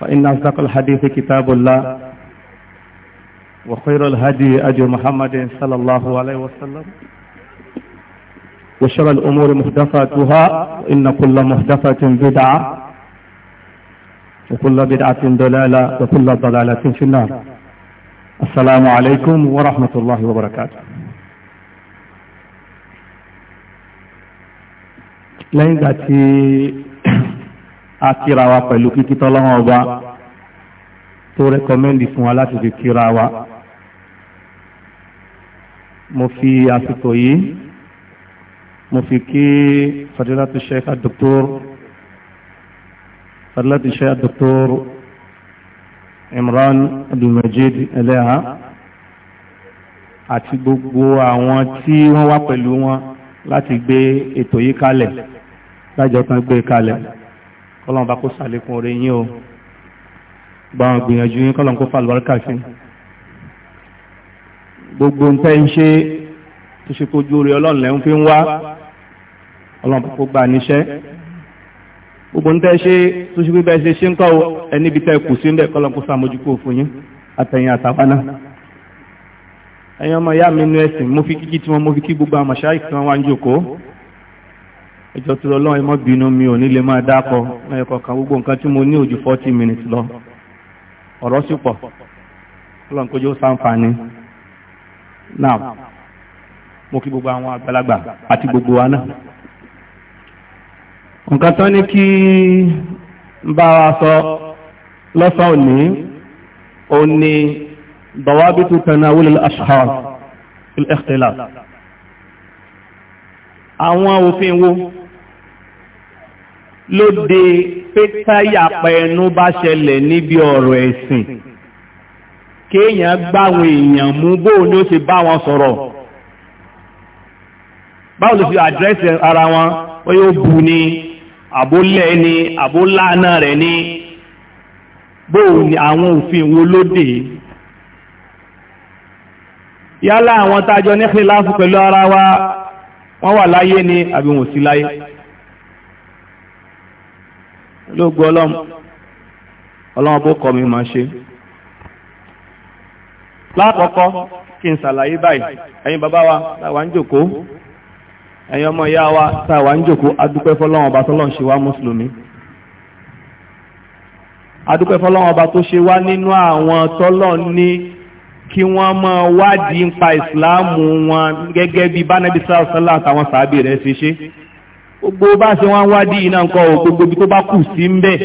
فإن أصدق الحديث كتاب الله وخير الهدي أجر محمد صلى الله عليه وسلم وشر الأمور محدثاتها إن كل محدثة بدعة وكل بدعة ضلالة وكل ضلالة في النار السلام عليكم ورحمة الله وبركاته لين ذاتي a kíra wa pẹ̀lú kíkítọ́ lọ́wọ́ ọba tó rẹ́kọ́mẹ́ndì fún wa láti fi kíra wa mo fi àsìkò yìí mo fi kí fadilatu sheikh adoktor fadilatu sheikh adoktor Imran Abdulmajid Eleha àti gbogbo àwọn tí wọ́n wá pẹ̀lú wọn láti gbé ètò yìí kalẹ̀ lájọ kan gbé kalẹ̀ kọ́lọ́n bá kó sàlékún orí yín o gba àwọn gbìyànjú yín kọ́lọ́n kó fàlùbáríkà sí gbogbo ń tẹ́ ń ṣe tó ṣe kojú orí ọlọ́run lẹ́hún fi ń wá ọlọ́run bá kó gbà níṣẹ́ gbogbo ń tẹ́ ṣe tó ṣe pé bẹ́ẹ̀ ṣe ṣe ń kọ́ ẹni ibi tẹ́ kù sí ń bẹ̀ kọ́lọ́n kó sàmójúkò fún yín àtẹ̀yìn àtàwọn náà ẹ̀yin ọmọ ìyá mi nú ẹ̀sìn mo fi kíkí tí wọ́n mo fi kí gbogbo àmọ̀ṣáì tí wọ́n wá ń jòkó ẹjọ́ tó lọ́wọ́ ẹ má bínú mi ò ní lè máa dákọ̀ ẹ̀kọ́ kan gbogbo nǹkan tí mo ní ojú forty minutes lọ ọ̀rọ̀ sì pọ̀ ọlọ́run kó jẹ́ ó ṣàǹfààní náà mo kí gbogbo àwọn àgbàlagbà àti gbogbo wa náà nǹkan tán ní kí n bá wa sọ lọ́sàn-án òní òun ni ضوابط تناول الأشخاص في الاختلاف àwọn òfin wo ló de pé táyàpá ẹnu bá ṣẹlẹ̀ níbi ọ̀rọ̀ ẹ̀sìn kéèyàn gbáwọn èèyàn mú bóun ni ó ṣe bá wọn sọ̀rọ̀ báwo ló fi àdírẹ́sì ara wọn ó yóò bu ni àbólẹ̀ ni àbólánà rẹ̀ ni bóun ni àwọn òfin wo ló dé yálà àwọn tájọ ní kíláàsì pẹ̀lú ara wa wọ́n wà láyé ni àbí wọn ò sí láyé lóògùn ọlọ́run ọlọ́run bó kọ́ mi máa ṣe lákọ̀ọ́kọ́ kí n ṣàlàyé báyìí ẹ̀yin bàbá wa táwa ń jòkóó ẹ̀yin ọmọ ìyá wa táwa ń jòkóó adúpẹ́ fọlọ́run ọba tọ́lọ́run ṣe wá mùsùlùmí adúpẹ́ fọlọ́run ọba tó ṣe wá nínú àwọn tọ́lọ́run ní kí wọ́n mọ wádìí nípa ìsìláàmù wọn gẹ́gẹ́ bí bánẹ́bí sáà sálà àtàwọn sàábì rẹ̀ ṣe ṣe gbogbo bá ṣe wọ́n wádìí iná nǹkan o, gbogbo ibi tó bá kù sí ń bẹ̀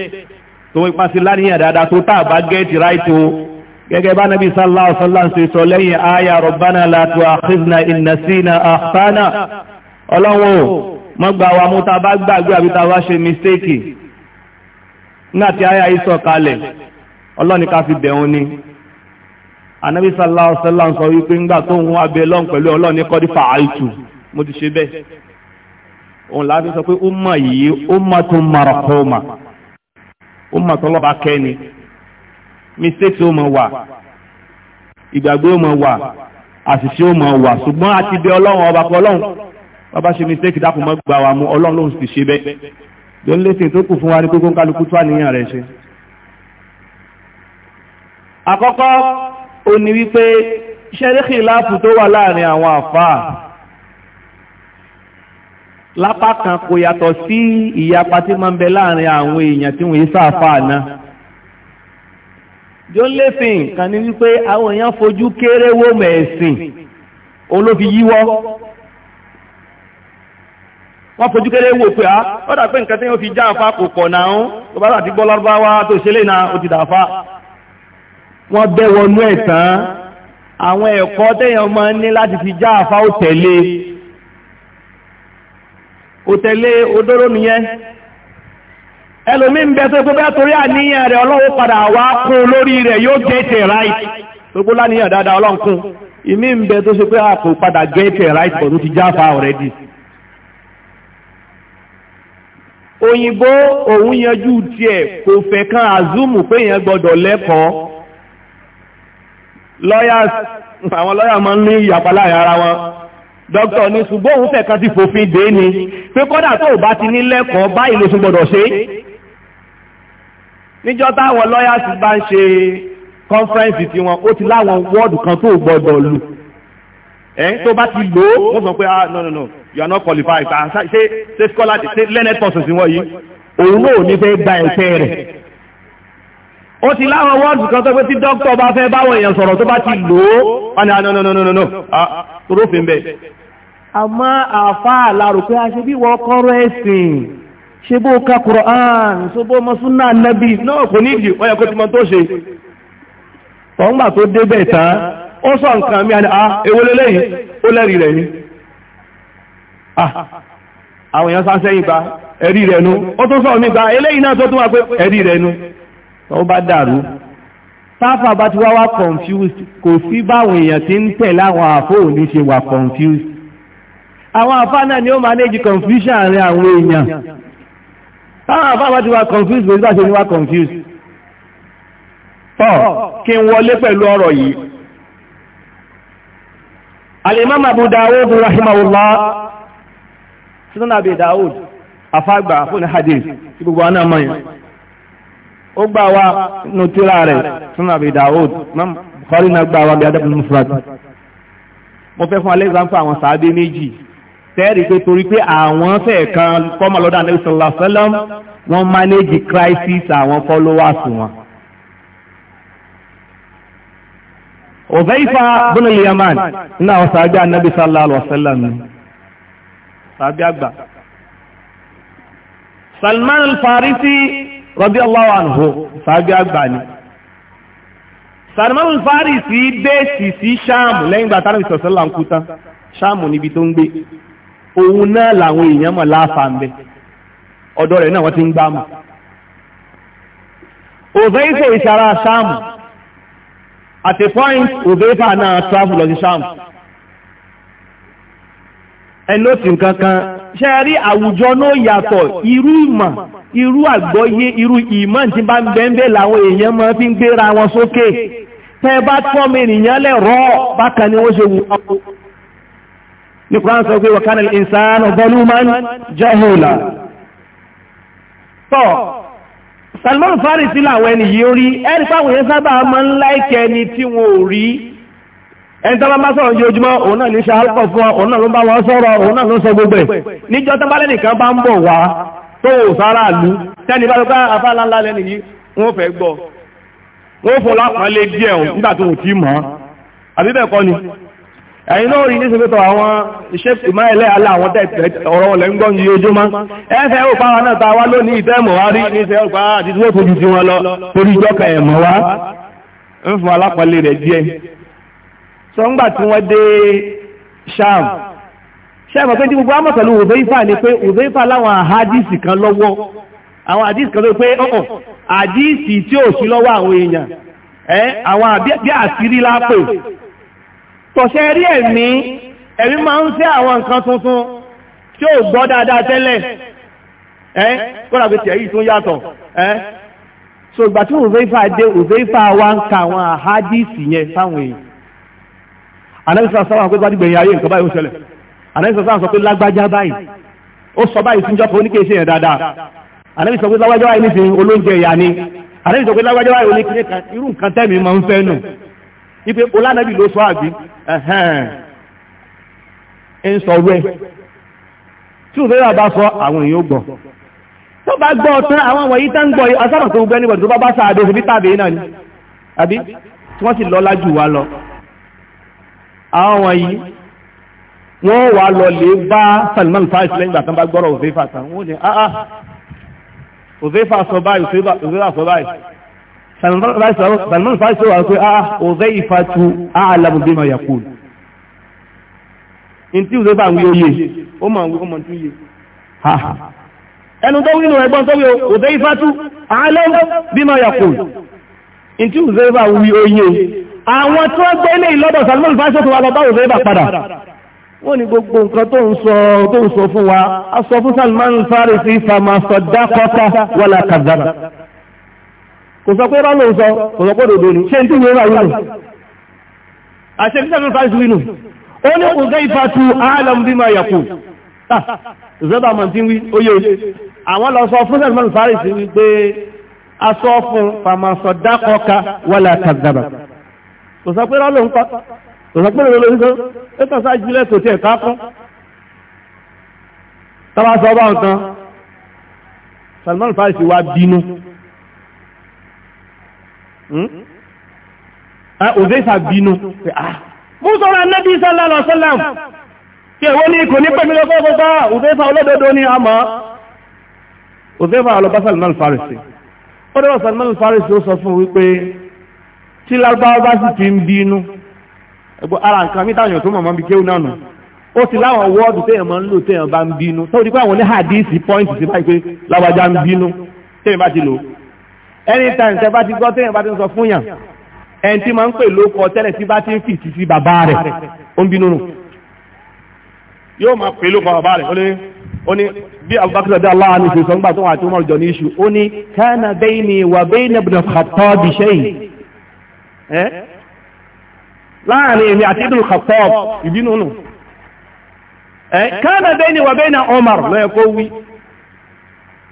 tó ń pàṣẹ láníyàn dáadáa tó tà bá gẹ́ẹ̀tì ráìtì o gẹ́gẹ́ bá nàbí sallallahu alaihi wasallam ṣe sọ lẹ́yìn aya rabbana la tu'akhidhna in nasina ọlọ́wọ́ mú ta gbàgbé àbí ta ṣe mistake nígbà tí àyà yìí sọ kalẹ̀ ọlọ́ni ká fi ni anabi sallallahu alaihi sọ wípé ńgbà tó ń wá abẹ lọ́n pẹ̀lú ọlọ́ni kọ́ di fàáìtù mo ti ṣe bẹ́ẹ̀ òun láti sọ pé ó mọ̀ yìí ó mọ̀ tó mọ̀rọ̀ kọ́ mà ó mọ̀ tó lọ́ba kẹ́ni mistake ó mọ̀ wà ìgbàgbé ó mọ̀ wà àṣìṣe ó mọ̀ wà ṣùgbọ́n a ti bẹ ọlọ́run ọba pọ̀ ọlọ́run bàbá ṣe mistake dákun mọ́ gbà wà mú ọlọ́run lòun sì ṣe bẹ́ẹ̀ jọ́n lẹ́sìn tó kù fún wa ní kókó kálukú tó àníyàn rẹ̀ ṣe. àkọ́kọ́ ó wípé ṣẹ́ríkì láàfù tó wà láàrin àwọn àfáà lápá kan kò yàtọ̀ sí ìyapa tí máa ń bẹ láàrin àwọn èèyàn tí wọ́n yé sáfà náà john lefin kan ní wípé àwọn èèyàn fojú kéré wó mẹ̀ẹ̀sìn olófi yíwọ́ wọ́n fojú kéré wò pé á ah, wọ́n dà pé nǹkan tí wọ́n fi já àfá kò kọ̀ náà tó bá láti gbọ́ lárúbáwá tó ṣẹlẹ̀ náà ó ti dàfá wọ́n bẹ́ wọnú ẹ̀ tán àwọn ẹ̀kọ́ tẹ́yàn máa ń ní láti fi já àfá ó tẹ̀lé kò odóró nìyẹn ẹlòmí ń bẹ tó bẹ́ẹ̀ torí àníyàn rẹ̀ ọlọ́run padà wá kún lórí rẹ̀ yóò gẹ́ẹ̀tẹ̀ right gbogbo láníyàn dáadáa ọlọ́run kún ìmí ń bẹ tó ṣe pé àpò padà gẹ́ẹ̀tẹ̀ right bọ̀ tó ti jáfa already òyìnbó òun yanjú tiẹ̀ kò fẹ́ kan àzúmù pé yẹn gbọ́dọ̀ lẹ́kọ̀ọ́ lawyers àwọn lọ́yà máa ń ní ìyàpá láàrin ara wọn dókítà ní ṣùgbọ́n òun fẹ̀kan ti fòfin dé ni pé kọ́dà tó o bá ti ní lẹ́kọ̀ọ́ báyìí ló tún gbọ́dọ̀ ṣe. níjọ́ táwọn lọ́yàsì bá ń ṣe kọ́nfẹ́rẹ́nsì tiwọn ó ti láwọn wọ́ọ̀dù kan tó o gbọ́dọ̀ lù ẹ̀ tó bá ti lò ó wọ́n sọ pé ah no no no you are not qualified ṣe ah, ṣe scholar ṣe learned person sí wọ́n yìí òun náà ò ní fẹ́ gba ẹ̀fẹ́ rẹ̀ ó ti láwọn wọ́ọ̀dù kan tó pé tí dókítà bá fẹ́ báwọn èèyàn sọ̀rọ̀ tó bá ti lò ó wọ́n ni a ah, nọ́nọ́nọ́nọ́nọ́ ah, rófin bẹ́ẹ̀ àmọ́ àfá àlàrò pé a ṣe bí wọ́n kọ́rọ̀ ẹ̀sìn ṣe bó ka Qur'an ṣe bó mọ súnà nẹ́bí náà kò ní ìdí ọyẹ kó ti mọ tó ṣe tọ́ngbà tó débẹ̀ tán ah ewele lẹ́yìn ó lẹ́rìí rẹ̀ ni ah àwọn èèyàn sáṣẹ́yìn gba ẹ̀rí rẹ̀ nu ó tó sọ mi gba eléyìí náà tó tún wá pé ẹ̀rí rẹ̀ ó bá dàrú táfà bá ti wá confused kò sí báwọn èèyàn ti ń tẹ̀ láwọn àfó òní ṣe wà confused àwọn àfá náà ni ó manage confusion àárín àwọn èèyàn táwọn àfá bá ti wá confused bó ṣe ni wá confused tọ́ kí n wọlé pẹ̀lú ọ̀rọ̀ yìí al-imam abu dawud rahimahullah sunan abi dawud afagba fún hadith gbogbo aná mọ́yàn ó gbà wá nùtírà rẹ̀ fún àbí Dawud Bukhari náà gbà wá bí adab al-Mufrad mo fẹ́ fún alẹ́ ìgbàmfà àwọn sàábé méjì tẹ́rì pé torí pé àwọn fẹ́ kan kọ́mọ lọ́dọ̀ Ànábì sallallahu alaihi wọ́n manage crisis àwọn followers wọn. Uzaifa bin al-Yaman nínú àwọn sàábé Ànábì sallallahu alaihi wasallam ni sàábé àgbà Salman farisi radiyallahu anhu sàbí àgbà ni. Salmanul Farisi bẹ́ẹ̀sì sí ṣáàmù lẹ́yìn ìgbà tánàbí sọ̀sọ́ là ń kú tán ṣáàmù níbi tó ń gbé òun náà làwọn èèyàn mọ̀ láàfàǹbẹ ọ̀dọ̀ rẹ̀ náà wọ́n ti ń gbámù. Uzaifa ìṣara ṣáàmù at a point Uzaifa náà travel lọ sí ṣáàmù ẹ nóòtì nǹkan ṣe rí àwùjọ náà yàtọ̀ irú ìmọ̀ irú àgbọ́yé irú ìmọ̀ tí bá ń bẹ́ńbẹ́ làwọn èèyàn máa fi ń gbéra wọn sókè tẹ́ bá tọ́mọ ènìyàn lẹ̀ rọ́ bákan ni wọ́n ṣe wù ọ́ ní kúrán sọ pé wọ̀kánà ìsàn ọ̀bọ̀lú máa ń jahula tọ́ Salman Farisi làwọn ẹni yìí rí ẹni pàwọn yẹn sábà máa ń láìkẹ́ ni tí wọn ò rí ẹni tó bá bá sọ̀rọ̀ ojoojúmọ́ òun náà ní ṣe alpọ̀ fún ọ òun náà ló bá wọ́n sọ̀rọ̀ òun náà ló sọ gbogbo ẹ̀ níjọ́ tó bá lẹ́nìkan bá ń bọ̀ wá tó wò sára àlú tẹ́ni bá lọ́pẹ́ afáàlá lẹ́nì yìí wọ́n fẹ́ gbọ́ wọ́n fún lápá lé díẹ̀ nígbà tó ti mọ̀ àbí bẹ́ẹ̀ kọ́ ni ẹ̀yin náà rí nísìnyí tó àwọn iṣẹ́ ìmáyẹlẹ́ alẹ́ àwọn tẹ̀tẹ̀ ọ̀rọ̀ wọn lẹ́ ń gbọ́ yìí ojúmọ́ ẹ̀fẹ̀ ó pa náà ta wá lónìí ìtẹ́mọ̀ wá rí níṣẹ́ ọ̀pá ah, àti tí wọ́n fojú sí wọn lọ torí ìjọkẹ̀ ẹ̀mọ̀ wá ń fún alápàlẹ̀ rẹ̀ díẹ̀ sọ́ngbà tí wọ́n dé sham sham ọ̀pẹ́ tí gbogbo àmọ̀ pẹ̀lú ni pé Hudhayfa láwọn àhádìsì kan lọ́wọ́ àwọn àdìsì kan tó pé ọ̀ọ̀ oh, àdìsì oh, tí ò sí lọ́wọ́ àwọn èèyàn ẹ́ àwọn àbí àṣírí lápè tọ̀ṣẹ́ rí ẹ̀mí ẹ̀mí máa ń fẹ́ àwọn nǹkan tuntun tí ò gbọ́ dáadáa tẹ́lẹ̀ ẹ́ kọ́nà pé tẹ̀yí tún yàtọ̀ ẹ́ so ìgbà tí Hudhayfa dé Hudhayfa wá ń ka àwọn àhádìsì yẹn fáwọn èèyàn anẹ́sà sábà pé bá dìgbẹ̀yìn ayé nǹkan báyìí ó ṣẹlẹ̀ anẹ́sà sábà sọ pé lágbájá báyìí ó sọ báyìí síjọ́ pé oníkèéṣe yẹn dáadáa anẹ́sà sọ pé lágbájá báyìí nífi olóúnjẹ ìyá ni anẹ́sà sọ pé lágbájá báyìí oníkèéṣe irú nǹkan tẹ́mi máa ń fẹ́ nù ipe olánàbì ló sọ àbí ń sọ wẹ́ tí òfin náà bá sọ àwọn èèyàn gbọ́ tó bá gbọ́ tán àwọn wọ̀nyí tán gbọ́ asábà tó gbẹ́ níbọ̀ tó bá bá sáà dé síbi tàbí náà ni àbí tí wọ́n sì lọ́lá jù wá lọ àwọn wọ̀nyí wọ́n wà lọ bá Salman Farisi lẹ́yìn ìgbà tán bá gbọ́rọ̀ òféfà tán wọ́n ní ah ah òféfà sọ báyìí òféfà sọ báyìí Salman Farisi wà pé ah òféfà ah, tu a'lamu bima yaqul ntí òféfà ń yóò yé ó mọ̀ àwọn ọmọ tún yé ha ẹnu tó wínú ẹgbọ́n tó wí òféfà tu a'lamu bima yaqul ntí òféfà wí ó àwọn tó gbé ilé ìlọ́dọ̀ Salman fásitì tó wà lọ báwo bẹ́ẹ̀ bá padà wọ́n ní gbogbo nǹkan tó ń sọ tó ń sọ fún wa a sọ fún Salman Farisi fama sadaqata wala kadhaba kò sọ pé rán ló ń sọ kò sọ pé dòdò ni ṣé n tí yẹn wà yìí nù àṣẹ tí Salman Farisi wí nù ó ní kò gẹ́ ìfà tu alam bima yaqul ah, zọba mọ̀tí wí oyè àwọn lọ sọ fún Salman Farisi wí pé a sọ fún fama sadaqaka wala kadhaba kò sọ pé rọ́lọ́ ń kọ́ kò sọ pé rọ́lọ́ ń kọ́ ó kàn sáájú ilẹ̀ kò tiẹ̀ ká kọ́ tọ́ba sọ bá nǹkan Salman Farisi wa bínú òzèsà hmm? bínú pé ah mú sọ́rọ̀ anábì sallallahu alaihi wasallam tí èwo ní kò ní pẹ̀lú ọkọ̀ ọgbọ́gbọ́ òzèsà olódodo ní àmọ́ òzèsà ọlọ́bá Salman Farisi ó dọ́rọ̀ Salman Farisi ó sọ fún wípé tí lágbáwá bá sì ti ń bínú ẹgbọ́ ara nǹkan mi táwọn tó mọ̀mọ́ bí kéwù náà nù ó ti láwọn wọ́ọ̀dù téèyàn máa ń lò téèyàn bá ń bínú tó di pé àwọn oníhàdíìsì pọ́ìntì sí báyìí pé lágbájá ń bínú téèyàn bá ti lò anytime tẹ́ bá ti gbọ́ téèyàn bá ti ń sọ fún yàn ẹni tí máa ń pè lóko tẹ́lẹ̀ tí bá ti ń fìtì sí bàbá rẹ̀ ó ń bínú nù yóò bí abubakar sọ̀dọ̀ aláwọ̀ ní ìṣòsọ́ngbà tó wà tó mọ̀ jọ ní iṣu ó ní kánà bẹ́ẹ̀ni wà bẹ́ẹ̀ni ibn Khattab bìṣẹ́yìn láàrin èmi àti Ibn Khattab ìbínú nù kánà bayni wa bayna Umar lọ́yẹ̀ kó wí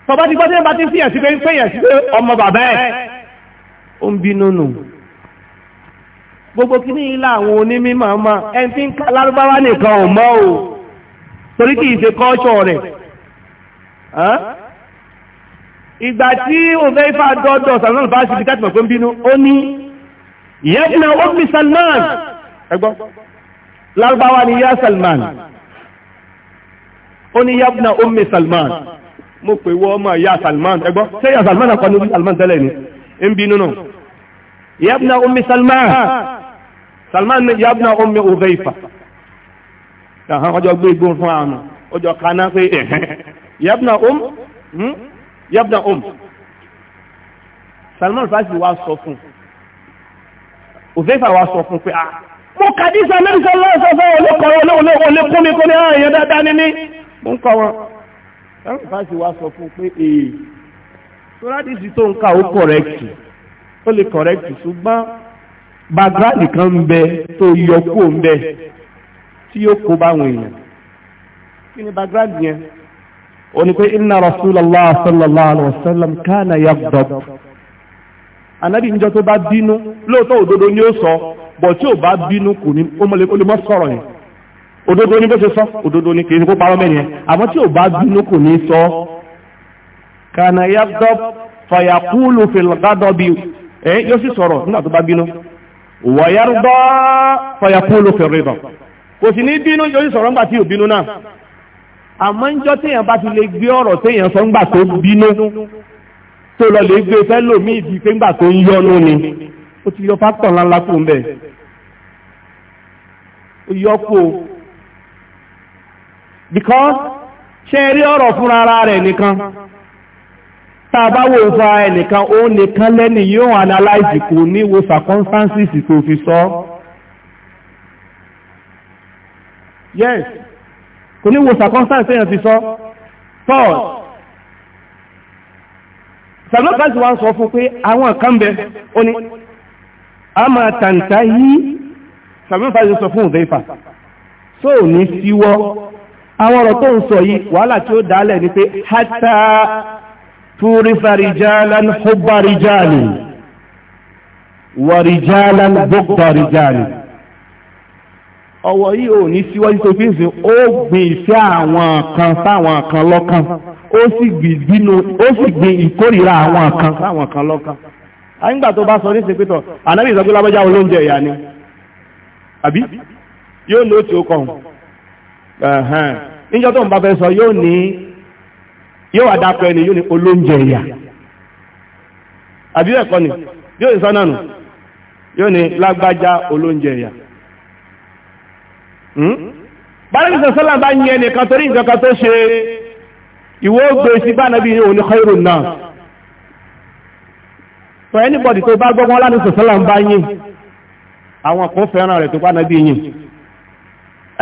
tọba ti gbọ́dọ̀ bá ti fìyà sí ń pèyà sí pé ọmọ bàbá ẹ̀ ó ń bínú nù gbogbo kíní ilá àwọn onímọ̀ ọmọ ẹni tí ń ká lárúbáwá nìkan ò o torí kìí ṣe kọ́ṣọ̀ rẹ̀ ìgbà tí òun fẹ́ dọ́dọ̀ sàmúlò fásitì mọ̀ pé ń bínú ó ní yẹ́dìnà omi Salman ẹgbọ́ lárúbáwá ni yá Salman ó ní yẹ́dìnà omi Salman mo pè wọ́ ọmọ yá Salman ẹgbọ́ ṣé yá Salman náà kọ́ni Salman tẹ́lẹ̀ ni ń bí nínú yẹ́dìnà omi Salman Salman ni yẹ́dìnà omi Uzaifa àwọn ọjọ́ gbé igbó fún àwọn ọjọ́ kaná pé yẹ́dìnà omi yẹ́dìnà omi Salman fásitì wa sọ fún un òfẹ́fà wa sọ fún pé a ah, mo kàdísà mẹ́rìsà lọ́sọ̀fẹ́ olókọ̀ọ́ olókún mi kó ní ààyàn dáadáa ní ní mo ń kọ́ wọn ẹ̀rùfà sì wá sọ fún pé èè tó rádìsì tó ń ka ó kọ̀rẹ́kì ó lè kọ̀rẹ́kì ṣùgbọ́n bàgráàdì kan ń bẹ tó yọ kúò ń bẹ tí yóò kó báwọn èèyàn kí ni bàgráàdì yẹn ó ní pé inna rasulallah sallallahu alaihi wasallam kana yaghdab ànábì níjọ́ tó bá bínú lóòótọ́ òdodo ni ó sọ bọ̀ tí ò bá bínú kò ní ó sọ̀rọ̀ yẹn òdodo ni bó ṣe sọ òdodo ni kì í kó parọ́ mẹ́rin yẹn àmọ́ tí ò bá bínú kò ní sọ kana yagdob fayakulu filgadobi ẹ yóò sì sọ̀rọ̀ nígbà tó bá bínú wàyárúbọ fayakulu filribọ kò sì ní bínú yóò sì sọ̀rọ̀ nígbà tí ò bínú náà àmọ́ ń jọ́ téèyàn bá ti lè tó lọ lè gbé fẹ́ lòmí ìdí pé ńgbà tó ń yọnu ni ó ti yọ fáktọ̀ ńláńlá kù ń bẹ̀ ó yọ kù o because ṣe rí ọ̀rọ̀ fúnra ara rẹ̀ nìkan tá a bá wo fa ẹnìkan ó nìkan lẹ́ni yóò analyze kò ní wo circumstances tó fi sọ yes kò ní wo circumstances èèyàn fi sọ third Salman kan ti wá ń sọ fún pé àwọn kan bẹ ó ní a máa tàǹtà yìí Salman kan ti sọ fún Hudhaifa tó ò ní síwọ́ àwọn ọ̀rọ̀ tó ń sọ yìí wàhálà tí ó dálẹ̀ ni pé hátà túrífà rìjálán hubba rìjálì ọwọ́ yìí ò ní síwọ́ nítorí pé ó gbìn ìfẹ́ àwọn kan sáwọn kan lọ́kàn ó sì gbìn ìkórìíra àwọn kan sáwọn kan lọ́kàn nígbà tó bá sọ ní ṣe pétọ̀ ànábì ìsọ́gbé lábọ́já olóúnjẹ ìyá ni àbí yóò ní ó tí ó kọ̀ níjọ́ tó ń bá fẹ́ sọ yóò ní yóò wà dápẹ́ ni yóò ní olóúnjẹ ìyá àbí ẹ̀kọ́ ni yóò ní sọ́nà yóò ní lágbájá olóúnjẹ ìyá hmm? báyìí sọ́sọ́là bá ń nìkan torí nǹkan ìwọ gbé sí bá nàbí òun ní náà for anybody tó bá gbọ́gbọ́n láti sọ̀sọ́lá ń bá yìn àwọn kan fẹ́ràn rẹ̀ tó bá nàbí yìn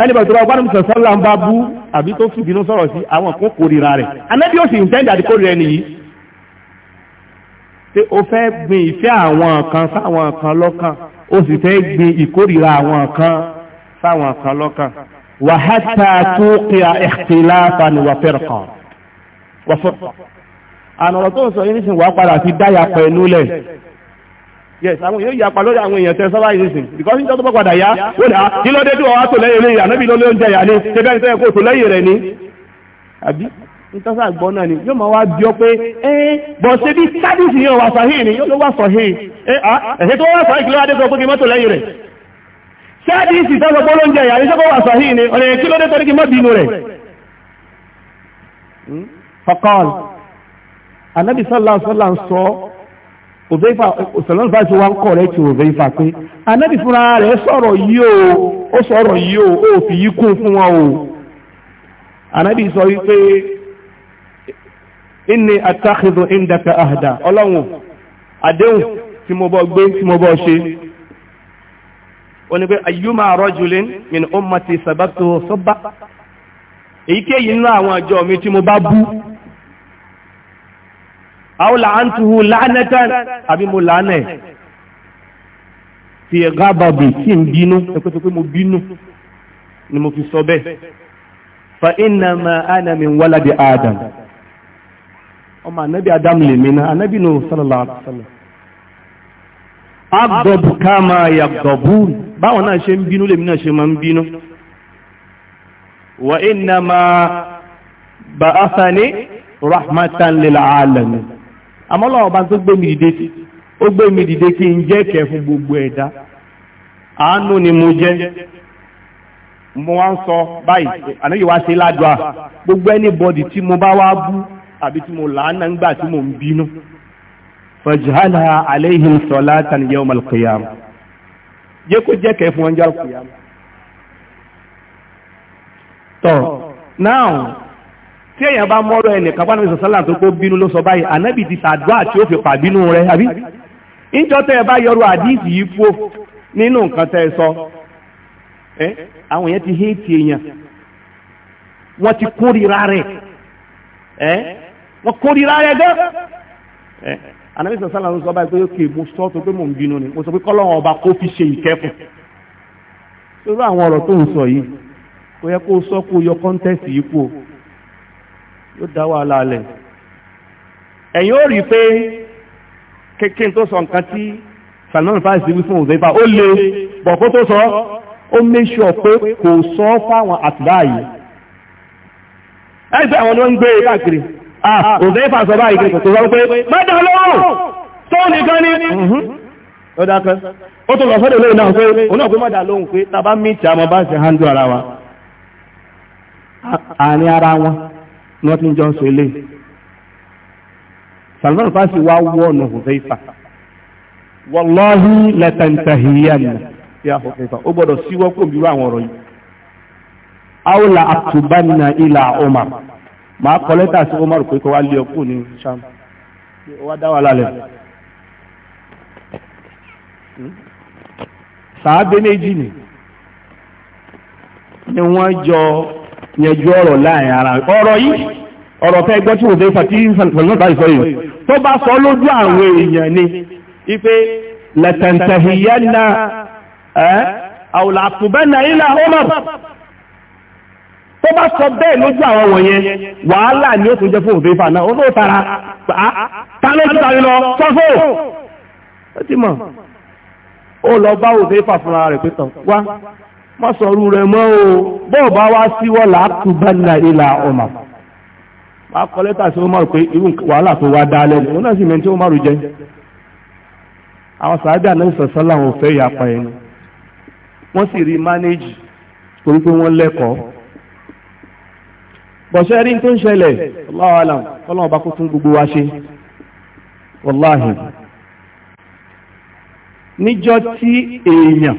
anybody tó bá gbọ́gbọ́n láti ń bá bú àbí tó fìbínú sọ̀rọ̀ sí àwọn kan kórìíra rẹ̀ anábí ó sì ń tẹ́ndà àdìkò rẹ̀ nìyí pé o fẹ́ gbin ìfẹ́ àwọn kan sáwọn kan lọ́kàn o sì fẹ́ gbin ìkórìíra àwọn kan sáwọn kan lọ́kàn wàhátà tó kíá ìkìlá fani wà fẹ́ràn kan wọ́fọ́ ànàrọ̀ tó ń sọ yìí nísìnyí wà padà fi dáyà pẹ̀lú lẹ̀ yes àwọn èèyàn yapa lórí àwọn èèyàn tẹ sábà yìí nísìnyí because níjọ́ tó bá padà yá ó dà kí ló dé tí wọ́n wá tò lẹ́yìn lẹ́yìn ànábì ló lóúnjẹ yà ni ṣé bẹ́ẹ̀ ni sẹ́yìn kó tò lẹ́yìn rẹ̀ ni àbí nítọ́sà gbọ́ náà ni yóò máa wá bí ọ pé ẹ́ bọ̀ ṣe bí sádìsì yóò wà sọ̀hìn ni yóò ló wà sọ̀hìn ẹ̀ṣẹ́ tó wà sọ̀hìn kí ló wá dé sọ pé kí mọ́tò lẹ́yìn rẹ̀ sádìsì tó sọ pé ló ń jẹ ìyá ní sọ́kọ̀ wà sọ̀hìn ni ọ̀nà kí ló dé sọ pé kí mọ́ bínú rẹ̀ hmm? fakal anabi sallallahu alaihi wasallam sọ òbẹ́fà òsèlú bá ti wá ń kọ̀ rẹ̀ tí òbẹ́fà pé anabi fúnra rẹ̀ sọ̀rọ̀ yìí o ó sọ̀rọ̀ yìí o ó fi yí kún fún wọn o anabi sọ wípé inni attakhidhu indaka ahda ọlọ́run àdéhùn tí mo bọ́ gbé tí mo bọ́ ṣe ó ní pé min ummati sabaqtuhu sabba èyíkéyìí nínú àwọn àjọ mi tí mo bá bú aw la'antuhu la'natan àbí mo làánà ẹ̀ fi ghadabi tí ń bínú ẹ̀kọ́ sọ pé mo bínú ni mo fi sọ bẹ́ẹ̀ fa innama ana min waladi adam ọmọ anabi adam lèmi náà anabi nù sallallahu alaihi wasallam agdọ̀bù ká máa wa inna ma ba'athani rahmatan lil alamin àmọ́ lọ́wọ́ bá tó gbé mi dìde sí ó gbé mi dìde kí n jẹ́ fún gbogbo ẹ̀dá àánú ni mo jẹ́ mo wá ń sọ báyìí ànáyè wá ṣe ládùá gbogbo anybody tí mo bá wá bú àbí tí mo làánà ńgbà tí mo ń bínú fajhala alayhim salatan kó jẹ́ fún ọjọ́ tọ́ tí èèyàn bá mọ́rọ̀ ẹnìkan bá nàbẹ̀sọ̀ sálà tó kó bínú ló sọ báyìí ànábì ti sàdúrà tí ó fi pàbínú rẹ̀ àbí ìjọ tẹ́ ẹ bá yọrọ yìí fò nínú nǹkan ẹ sọ ẹ àwọn yẹn ti èèyàn ti rẹ̀ ẹ wọ́n rẹ̀ gẹ́ ẹ ànábìsọ̀ sálà sọ báyìí pé ókè mo sọ tó pé mò ń bínú ni mo sọ pé ọba kó fi ṣe yóò dá wàhálà lẹ̀ ẹ̀yin ó rí i pé kékin tó sọ nǹkan tí Salman Farisi wí fún òzèfà ó le bọ̀ kó tó sọ ó méṣọ pé kò sọ fáwọn àtìlá yìí ẹgbẹ́ àwọn ló ń gbé e káàkiri òzèfà ah, sọ báyìí kò tó sọ pé mẹ́ta lọ́wọ́ tó nìkan ni mhm. ó dákẹ́ ó tó lọ sọ́dọ̀ lóyún náà pé òun náà pé mọ́dà lóhùn pé tàbá mí tí a mọ́ bá ṣe hándù ara wa àárín ara wọn ni wọ́n ti Salman Fasi wá wallahi ya Hudhaifa obodo gbọ́dọ̀ síwọ́ kó mi rú àwọn ọ̀rọ̀ yìí ila Umar ma kọ lẹ́tà si Umar pé kó wá lé ọkùn ní Sham ó wá dá ni ni jọ yanjú ọ̀rọ̀ láàrin ara ọ̀rọ̀ yìí ọ̀rọ̀ fẹ́ gbọ́ tí mo fẹ́ fàtí fàlọ́tà ìsọ yìí tó bá sọ lójú àwọn èèyàn ni ife lẹ́tẹ̀ntẹ̀hìyẹ́nà ẹ́ àwòlàtúbẹ́nà ilẹ̀ Umar tó bá sọ bẹ́ẹ̀ lójú àwọn wọ̀nyẹn wàhálà ni ó tún jẹ́ fún òfin fàná ó tó tara ta ló ti tàbí lọ sọ ó ti mọ̀ ó lọ bá òfin fà fúnra rẹ̀ pé tán wá má sọ̀rọ̀ rẹ̀ mọ́ o bọ́ọ̀ bá wá síwọ́ làákùbánà ìlà ọmọ wá kọ lẹ́tà sí Umaru pé irú wàhálà tó wá dá lẹ́nu òun náà sì mẹ́ntí Umaru jẹ́ àwọn sàádà náà sọ̀sọ́ làwọn ò fẹ́ ẹni wọ́n sì rí mánéjì torí pé wọ́n lẹ́kọ̀ọ́ bọ̀ṣẹ́ rí tó ń ṣẹlẹ̀ fún gbogbo wa ṣe níjọ́ tí èèyàn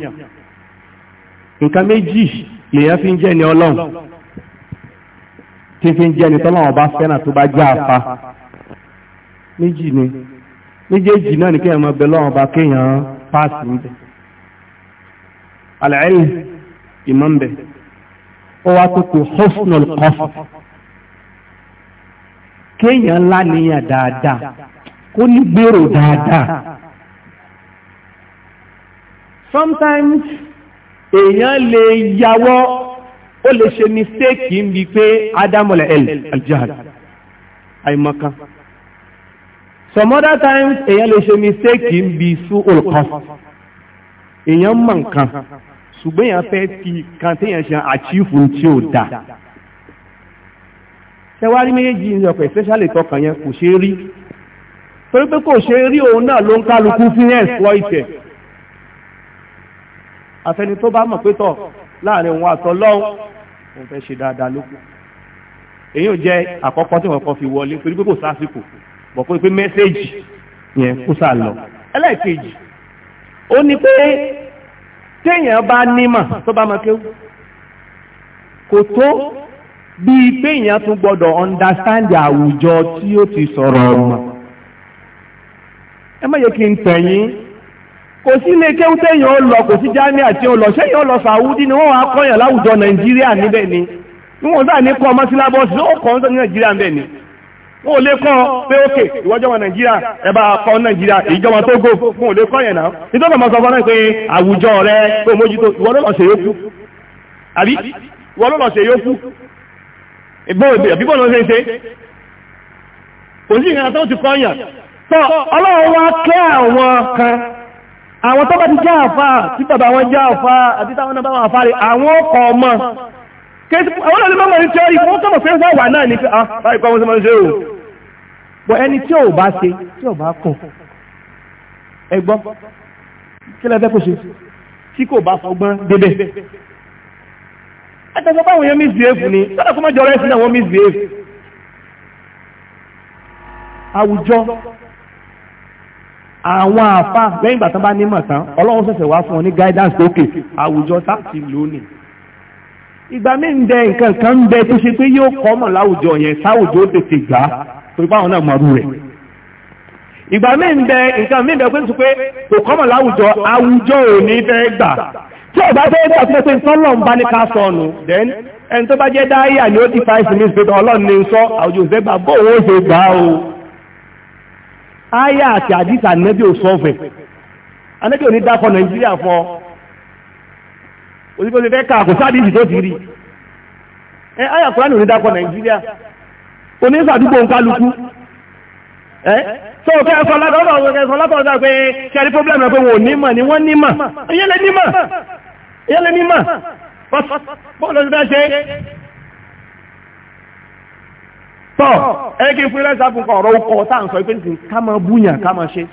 nǹkan méjì lèèyàn fi ń jẹ́ ni ọlọ́run tí fi ń jẹ́ ni tọ́lọ́run bá fẹ́ràn tó bá já àfa méjì ni méjèèjì náà ní kí ẹ̀mọ́ bẹ lọ́wọ́ bá kéèyàn páàsì ń bẹ alẹ́ẹ̀lì ìmọ̀ ń bẹ ó wá tó kù hosnul kọfù kéèyàn ńlá dáadáa kó ní gbèrò dáadáa sometimes èèyàn lè yàwọ́ ó lè ṣe mistake ń bi pé ádámọ̀lẹ̀ ẹ̀l aljahal àìmọ̀kan some other times èèyàn lè ṣe mistake ń bi sú olùkọ́f èèyàn mọ̀ nǹkan ṣùgbọ́n èèyàn fẹ́ fi kan téèyàn ṣe àchífù tí ó dà ṣẹwárí méjèèjì ní ọkọ̀ especially tọkàn yẹn kò ṣe é rí torí pé kò ṣe rí òun náà ló ń kálukú fún exploited àfẹni tó bá mọ̀ pé tọ̀ láàrin òun àtọ́ lọ́wọ́ òun fẹ́ ṣe dáadáa lóko èyí ò jẹ́ àkọ́kọ́ tí wọ́n kọ́ fi wọlé pé kò sásìkò bọ̀ pé mẹ́sẹ́ẹ̀jì yẹn kó sá lọ ẹlẹ́ẹ̀kejì ó ní pé téèyàn bá nímọ̀ tó bá mọ̀ kéwù kò tó bíi pé tún gbọ́dọ̀ understand àwùjọ tí ó ti sọ̀rọ̀ ọ̀mọ̀ ẹ má yẹ kí n tẹ̀yìn kò sí ilé kéwú téèyàn ó lọ kò sí jámíà tí ó lọ séèyàn ó lọ sàwúdí ni wọ́n wá kọ́yàn láwùjọ nàìjíríà níbẹ̀ ni níwọ̀n ní ó kọ́ ní ni wọ́n ò lè kọ́ pé ókè ìwọ́jọ́wọ́ nàìjíríà ẹba kọ́ nàìjíríà ìjọba tó gò fún òlé kọ́ yẹn náà nítorí ọmọ sọ fọ́nà pé àwùjọ rẹ pé mójútó ìwọ́n lọ́lọ́ àwọn tó bá ti jẹ́ àfá tí bàbá wọn jẹ́ àfá àti táwọn náà bá wọn àfá rẹ̀ àwọn ọkọ̀ ọmọ àwọn olùmọ̀ mọ̀ ní tí ó rí fún tọ́mọ̀ pé wọ́n wà náà ní pé ah báyìí kọ́ wọ́n sí máa ń ṣe o bọ̀ ẹni tí ò bá ṣe tí ò bá kùn ẹgbọ́n kí lẹ́fẹ́ kò ṣe tí kò bá fọgbọ́n débẹ̀ ẹgbẹ́ báwọn yẹn misbehave ni sọ́dọ̀ kó má jọrọ ẹ̀sìn náà wọ́n misbehave àwùjọ àwọn àfa lẹ́yìn ìgbà tán bá nímọ̀ tán ọlọ́run ṣẹ̀ṣẹ̀ wá fún ọ ní guidance lókè àwùjọ táàkì lónìí ìgbà mí ń bẹ nǹkan kan ń bẹ tó ṣe pé yóò kọ́ mọ̀ láwùjọ yẹn sáwùjọ ó tètè gbà á torí pé àwọn náà mọ̀rú rẹ̀ ìgbà mí ń bẹ nǹkan mí ń bẹ pé tó pé kò kọ́ mọ̀ láwùjọ àwùjọ ò ní fẹ́ gbà tí ò bá fẹ́ gbà tó pé ẹni tó bá jẹ́ dáyà ni ó ti fa ìsinmi ìsinmi ọlọ́run ní sọ àwùjọ ò áyà àti àdìsà nẹ́bí ò sọ́fẹ̀ anẹ́kẹ́ òní dákọ̀ nàìjíríà fọ́ òsìkò ti fẹ́ ká kò sáàdìsì tó ti rí ẹ áyà kúránì òní dákọ̀ nàìjíríà òní sàdúgbò ń kálukú ẹ tó fẹ́ sọ látọ̀ọ̀dọ̀ pé kẹrí pọ́blẹ́mù pé wọn ò nímọ̀ ni wọ́n nímọ̀ ìyẹ́lẹ̀ nímọ̀ ìyẹ́lẹ̀ nímọ̀ bọ́ọ̀lù ti fẹ́ ṣe tọ́ ẹ kí n fún ilé tá à ń sọ pé nìkan ká máa búyàn ká máa ṣe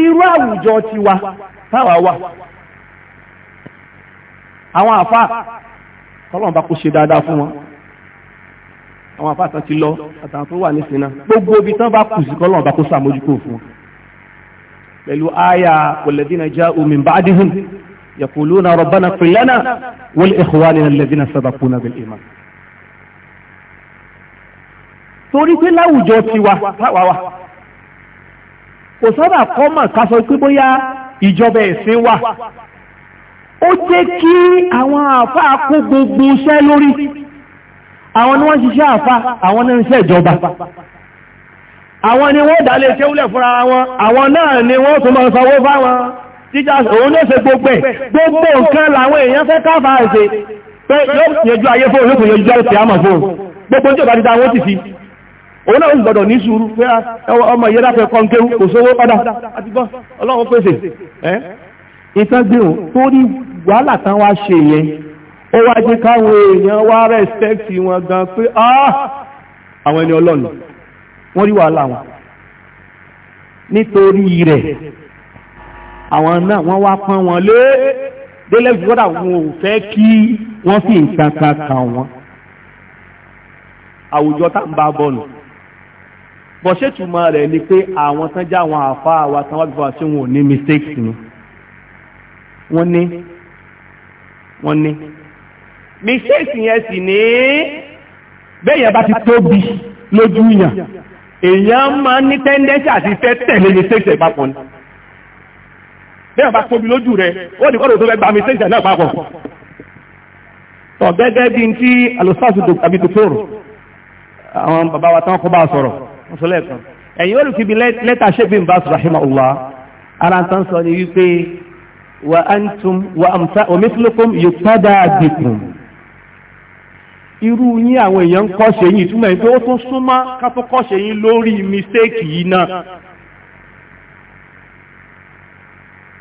irú àwùjọ tiwa táwa wà àwọn àfa kọlọ́n bá ṣe dáadáa fún wọn àwọn àfa àtàn ti lọ àtàn tó wà nísìnyí náà gbogbo ibi tán bá kù sí kọlọ́n bá kó fún wọn pẹ̀lú àyà walladhina ja'u min ba'dihim yaquluna rabbana ighfir lana wa li ikhwanina alladhina sabaquna bil iman torí pé láwùjọ tiwa táwa wà kò sábà kọ́mọ̀ ká sọ pé bóyá ìjọba ẹ̀sìn wà ó jẹ́ kí àwọn àáfàá kó gbogbo iṣẹ́ lórí àwọn ni wọ́n ṣiṣẹ́ àáfàá àwọn ni wọ́n ṣiṣẹ́ ìjọba àwọn ni wọ́n dálé ṣéwúlẹ̀ fúnra wọn àwọn náà ni wọ́n tún máa sanwó fáwọn títà òun ló ṣe gbogbo ẹ̀ gbogbo nǹkan làwọn èèyàn fẹ́ káfà ṣe pé yóò yẹjú ayé fóun yóò yẹjú ayé fóun gbogbo ní ìjọba ti ta àwọn ti fi òun náà ń gbọ́dọ̀ ní sùúrù pé ah, ọmọ ìyẹ́dá fẹ́ kọ́ nkéwú kò sówó padà àti gbọ́ ọlọ́run pèsè ẹ́ ìtàgbé o torí wàhálà tán wá ṣe yẹn ó wá jẹ́ káwọn èèyàn wá rẹ́spẹ́kì wọn gan pé ah! àwọn ẹni ọlọ́run wọ́n rí wàhálà wọn nítorí rẹ̀ àwọn náà wọ́n wá pọ́n wọn lé délẹ̀ gbọ́dọ̀ wọn ò fẹ́ kí wọ́n fi nǹkan kan kàn àwùjọ tá ń bá bọ́ọ̀lù bọ̀ṣẹ́tùmọ̀ rẹ̀ ni pé àwọn tán já àwọn àfa àwa tán wá bí wá sí wọn ò ní mistakes ni wọ́n ní wọ́n ní mistakes yẹn sì ní bẹ́yẹn bá ti tóbi lójú yàn èèyàn máa ní tẹ́ndẹ́sì àti fẹ́ tẹ̀lé mistakes ẹ̀ papọ̀ ni bẹ́yẹn bá tóbi lójú rẹ̀ ó ní kọ́dọ̀ tó fẹ́ gba mistakes ẹ̀ náà papọ̀ tọ̀ gẹ́gẹ́ bí n tí alùsáàsì tàbí tòkòrò àwọn bàbá wa tán kọ́ bá sọ̀rọ̀ wọ́n sọ lẹ́ẹ̀kan ẹ̀yin olùfi bí lẹ́tà ṣẹ́bí ń bá rahimahullah ara ń tán sọ ni wípé wa antum wa amsa omithlukum yuktada bikum irú yín àwọn èèyàn ń kọ́ṣe yín ìtumọ̀ yín pé ó tún súnmọ́ ká kọ́ṣe yín lórí mistake yìí náà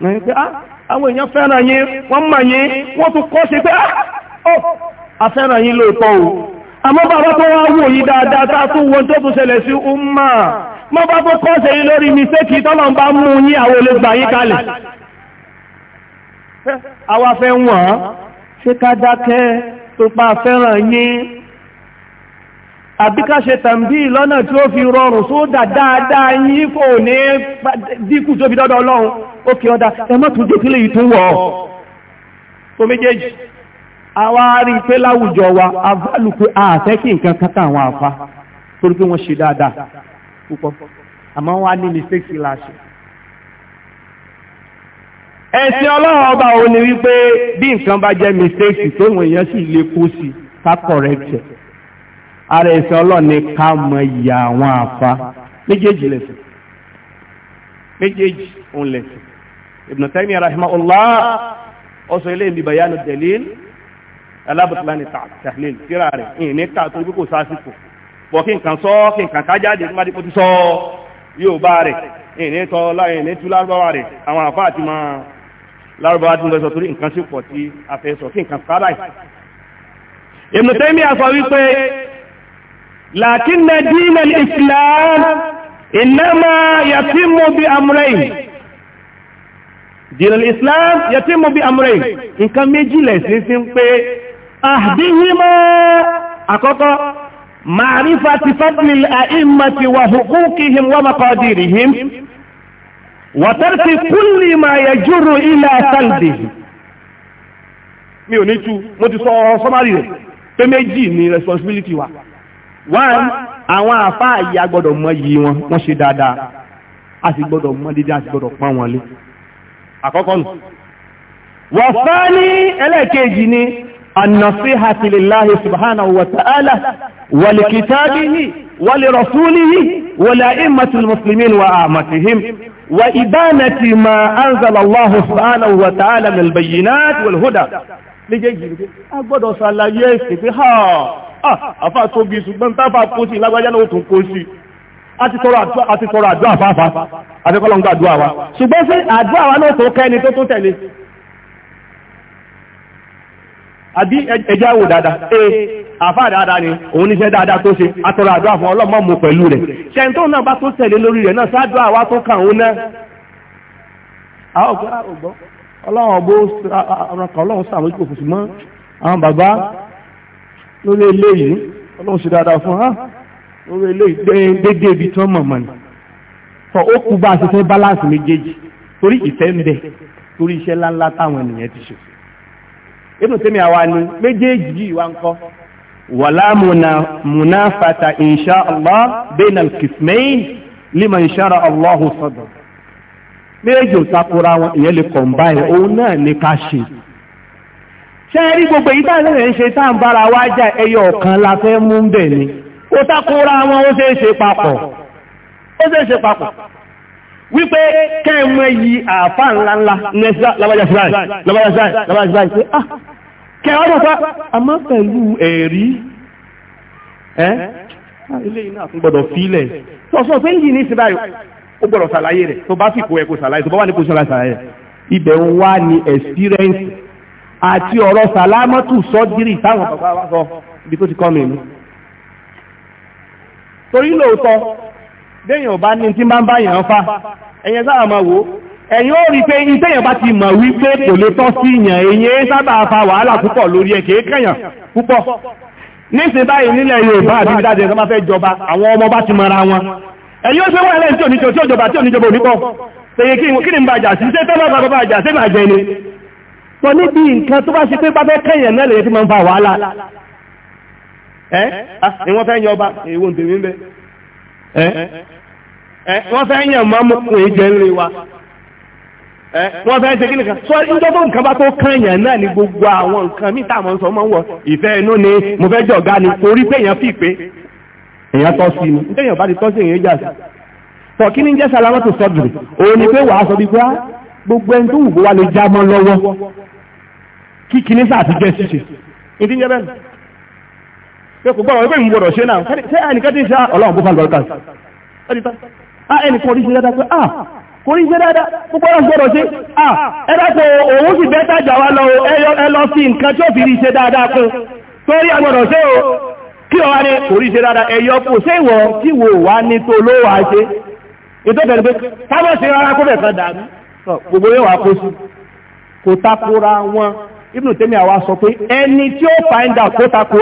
ẹni pé ah, àwọn èèyàn fẹ́ràn yín wọ́n mọ̀ yín wọ́n tún kọ́ṣe pé á ah, ó oh, lóòótọ́ àmọ́ bàbá tó wá wò yí dáadáa tá tún wọn tó tún ṣẹlẹ̀ sí umma mọ́ bá tó kọ́ ṣe yí lórí mistake tọ́lọ̀ ń bá mú yí àwọn olóògbà yí kalẹ̀ àwa fẹ́ wọ́n ṣe ká dákẹ́ tó pa fẹ́ràn yín àbí ká ṣe tàbí lọ́nà tí ó fi rọrùn só dà dáadáa yín kò ní díkù tóbi dọ́dọ̀ ọlọ́run ó kí ọdá ẹ mọ́ tún jẹ́ kílẹ̀ yìí tún wọ̀ ọ́ àwa rí pé láwùjọ wa aválù pé àfẹ́ kí nǹkan kátà àwọn àfa torí pé wọ́n ṣe dáadáa púpọ̀ àmọ́ wọ́n á ní mistakes láṣẹ. ẹ̀sìn ọlọ́run ọba ò ní wípé bí nǹkan bá jẹ́ mistakes tó wọ̀n èèyàn sì lè kú sí ká ara ẹ̀sìn ọlọ́run ni ká mọ ìyà àwọn àfa méjèèjì lẹ̀sìn méjèèjì òun lẹ̀sìn Ibn Taymiyyah rahimahullah ọ̀sọ̀ ilé ìbí bayanu dalil alábùtúlá ní tahlil síra rẹ̀ ìní ká tó bí kò sásìkò bọ̀ kí nǹkan sọ kí nǹkan ká jáde tó bá dé kó ti sọ yóò bá rẹ̀ ìní tọ́ ìní tú lárúbáwá rẹ̀ àwọn àfáà ti máa lárúbáwá tó ń sọ torí nǹkan sì pọ̀ tí a fẹ́ sọ kí nǹkan ká báyìí. Ibn Taymiyyah sọ wípé lakinna din al-Islam innama yatimmu bi amrayn din al-Islam yatimmu bi amrayn nǹkan méjì lẹ̀sìn sí ń pé àdíhímọ́ àkọ́kọ́ màrífà ti fadlil àìmọ̀tí wà hukukihim wà maqadirihim wà tarki kulli ma yajuru ila saldihim mi ò ní tú mo ti sọ sọ́márì rẹ̀ pé méjì ni responsibility wa one àwọn àfá àyè agbọ́dọ̀ mọ yìí wọn wọ́n ṣe dáadáa a sì gbọ́dọ̀ mọ dídí a sì gbọ́dọ̀ pọ́n wọn lé àkọ́kọ́ nù wọ̀fẹ́ ni النصيحة لله سبحانه وتعالى ولكتابه ولرسوله ولأئمة المسلمين وأعمتهم وإبانة ما أنزل الله سبحانه وتعالى من البينات والهدى لجيجي أقول صلى يسي ها أفا توبي سبحان تفا قوسي لا وجل وتن قوسي àti tọrọ àdúrà fáfá àti kọlọ̀ngbà àdúrà wa ṣùgbọ́n sí àdúrà wa náà tó kẹ́ni tó tó tẹ̀lé àbí ẹjẹ́ àwò dáadáa ee àfáà dáadáa ni òun níṣẹ́ dáadáa tó ṣe atọrọ àdúrà fún ọlọ́mọ mọ̀ pẹ̀lú rẹ̀ ṣẹ̀ntọ́ náà bá tó tẹ̀lé lórí rẹ̀ náà sáàdúrà wá tó kàn òun náà ọlọ́run ọgbó ọ̀rọ̀kà ọlọ́run sàmójú kò fòsùmọ́ àwọn bàbá lórí ilé yìí ọlọ́run ṣe dáadáa fún ha lórí ilé dédé ibi tí wọ́n mọ̀ mọ̀ ní fọ ó bá a báláǹsì méjèèjì torí ìfẹ́ ń bẹ torí iṣẹ́ ńláńlá táwọn ènìyàn ti ṣe ibùn tẹ́mi àwa ni méjèèjì yìí wá ń kọ́ wàlá munafata insha allah bayna al-qismayn liman shara allahu sadr méjì ò takora wọn ìyẹn lè kọ̀m̀báyì òun náà ní ká ṣe ṣe é rí gbogbo èyí táwọn èèyàn ń ṣe tá à ń bára wá jà ẹyọ ọ̀kan la fẹ́ mú bẹ̀ ni ó takora wọn ó ṣeé ṣe papọ̀ ó ṣeé ṣe papọ̀ wípé kẹ́ẹ̀mọ́ yí àfá ńláńlá nẹ́sílá lábájá síláì lábájá síláì lábájá síláì pé ah kẹ́ẹ̀wọ́n tó pa àmọ́ pẹ̀lú ẹ̀rí ẹ́ ilé ah, iná àtún gbọ́dọ̀ fílẹ̀ sọ̀sọ̀ pé yìí ní síbáyò ó gbọ́dọ̀ sàlàyé rẹ̀ tó bá sì kó ẹ̀kọ́ sàlàyé tó bá wà ní kó sàlàyé sàlàyé ibẹ̀ ń wá ní experience àti ọ̀rọ̀ sàlámọ́tù sọ́jírì táwọn bàbá wa sọ ibi tó ti kọ́ mi torí lóòótọ́ déyàn bá ní tí bá ń bá yàn fa ẹ̀yẹn sáà máa wò ẹ̀yìn ó rí pé ìtẹ́yàn bá ti mọ̀ wípé kò lè tọ́ sí ìyàn èyí sábà fa wàhálà púpọ̀ lórí ẹ̀ kéèkèyàn púpọ̀ nísìn báyìí nílẹ̀ Yorùbá àti ìdájẹ́ ìjọba máa fẹ́ jọba àwọn ọmọ bá ti mọra wọn ẹ̀yìn ó ṣe wọ́n ẹlẹ́yìn tí oníjọ tí òjọba tí oníjọba onípọ̀ tèyí kí ni bàjà sí ṣé tẹ́lọ́ bá bá jà sí máa jẹ ni tọ́ níbi nǹkan tó bá ṣe pé bá fẹ́ kẹ́yàn náà lè fi máa ń fa wàhálà ẹ́ ah, ni wọ́n fẹ́ yan ọba èwo ń tèmi ń bẹ́ẹ̀ wọ́n fẹ́ yàn máa mú kún ìjẹ́ ńlẹ̀ wa wọ́n fẹ́ ṣe kí nìkan sọ ìjọ nǹkan bá tó náà ni gbogbo àwọn nǹkan míì tá ń sọ ń ìfẹ́ inú ni mo fẹ́ jọ̀gá ni torí pé èèyàn fìpé èèyàn tọ́ sí ni bá ti tọ́ sí èèyàn jà sí pọ̀ kí ni jẹ́ pé gbogbo ẹni tó wù lè já mọ́ lọ́wọ́ kí pé kò gbọ́dọ̀ pé ìgbọ́dọ̀ ṣe náà ṣé ẹnìkan ti ṣá ọlọ́run bókan lọ́ọ̀kà ah ẹnìkan orí ṣe dáadáa pé ah kò rí ṣe dáadáa púpọ̀ ọ̀rọ̀ gbọ́dọ̀ ṣe ah ẹ̀dàpọ̀ òun sì bẹ́ẹ̀ tàjà wa lọ ẹ lọ sí nǹkan tí ó fi rí ṣe dáadáa kan torí agbọ́dọ̀ ṣe o kí ọ̀wá ni kò rí ṣe dáadáa ẹ̀yọ kò ṣe ìwọ̀ tí wò wá ní tó ló wà ṣe ètò ìbẹ̀rẹ̀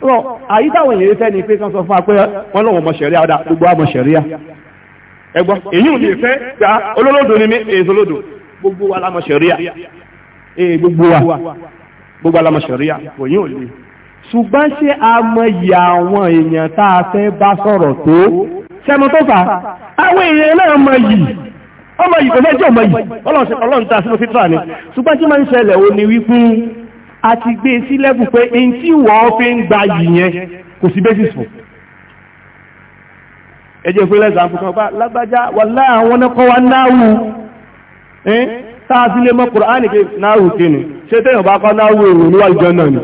rọ àyí táwọn èèyàn fẹ́ ni pé kan sọ fún wa pé wọ́n lọ́wọ́ mọ ṣẹ̀ríà ọ̀dà gbogbo àmọ̀ ṣẹ̀ríà ẹgbọ́ èyí ò lè fẹ́ gba olólòdò ni mí èso lòdò gbogbo wa lámọ̀ ṣẹ̀ríà ee gbogbo wa gbogbo wa lámọ̀ ṣẹ̀ríà òyìn ò lè. ṣùgbọ́n ṣé a mọyì àwọn èèyàn tá a fẹ́ bá sọ̀rọ̀ tó sẹ́mu tó fà àwọn èèyàn náà mọyì ọmọ yìí kò fẹ́ jẹ́ ọmọ yìí ọlọ́run ta sínú fitra ni ṣùgbọ́n tí máa ń ṣẹlẹ̀ òní wípé a ti gbé sí lẹ́bù pé in tí wọ́n fi ń gba yìnyẹn kò sí basis fún ẹjẹ́ fún lẹ́sàn fún ọba lágbájá wà láàwọn ọkọ̀ wa náàwù ẹ́n táà sí lé mọ́ Kùránì pé náàwù kínú ṣe tẹ́yàn bá kọ́ náàwù èrò níwájú jọ́nà ni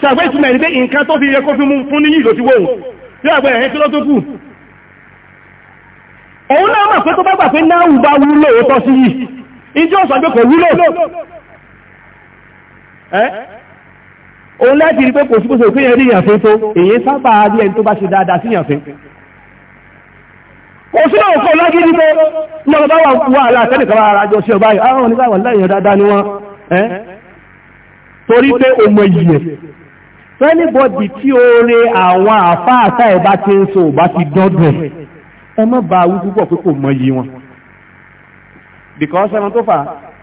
ṣàgbé ìtumẹ̀ ní pé nǹkan tó fi yẹ kó fi mú fún níyì ló ti wóhùn tí àgbẹ̀ ẹ̀yẹ́ tí ló tó kù òun náà mọ̀ pé tó bá gbà pé náàwù bá wúlò ó tọ́ sí yìí ìjọ́ ọ̀sán pé kò wúlò òun láti rí pé kò sí kò sí òfin ẹ̀rí ìyànfẹ́ tó èyí sábà rí ẹni tó bá ṣe dáadáa sí ìyànfẹ́ kò sí náà kọ́ lágí ní pé lọ́wọ́ bá wà wà látẹ́lẹ̀ kan ara jọ sí ọba yìí àwọn onígbà wà láyìn dáadáa ni wọ́n torí pé ọmọ ìyẹ̀ fẹ́nìbọ̀dì tí ó rẹ àwọn àfáàtà ẹ̀bá ti ń so ọba ti dọ́dọ̀ ẹ mọ́ bá wí púpọ̀ pé kò mọ iye wọn because ẹran tó fà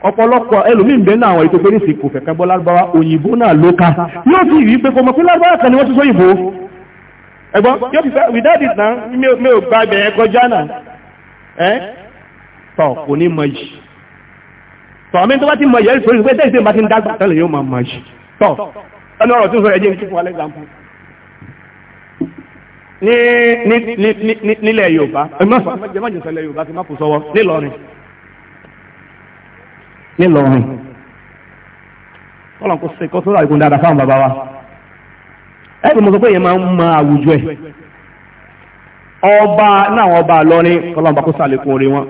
ọ̀pọ̀lọpọ̀ ẹlòmí ìbẹ̀ náà àwọn ètò pé nìsí kò fẹ̀kẹ́ bọ́ lárúbáwá òyìnbó náà ló ká yóò sì rí pé kò mọ̀ pé lárúbáwá kan ni wọ́n ti sọ ìbò ẹ̀gbọ́n yóò fi fẹ́ without it náà mi ò gba ibẹ̀ yẹn kọjá náà ẹ́ tọ̀ kò ní mọ̀ yìí tọ̀ àmì tó bá ti mọ̀ yẹ́ ìṣòro ìṣòro tẹ́sí bá ti ń dágbà tẹ́lẹ̀ yóò máa mọ̀ ńlọrin kọ́lọ̀ kó ṣe kó sọ́dọ̀ àìkún dáadáa fáwọn bàbá wa ẹ̀rì mo sọ pé máa ń ma àwùjọ ẹ̀ ọba náà ọba lọ ní bá kó sàlékún orí wọn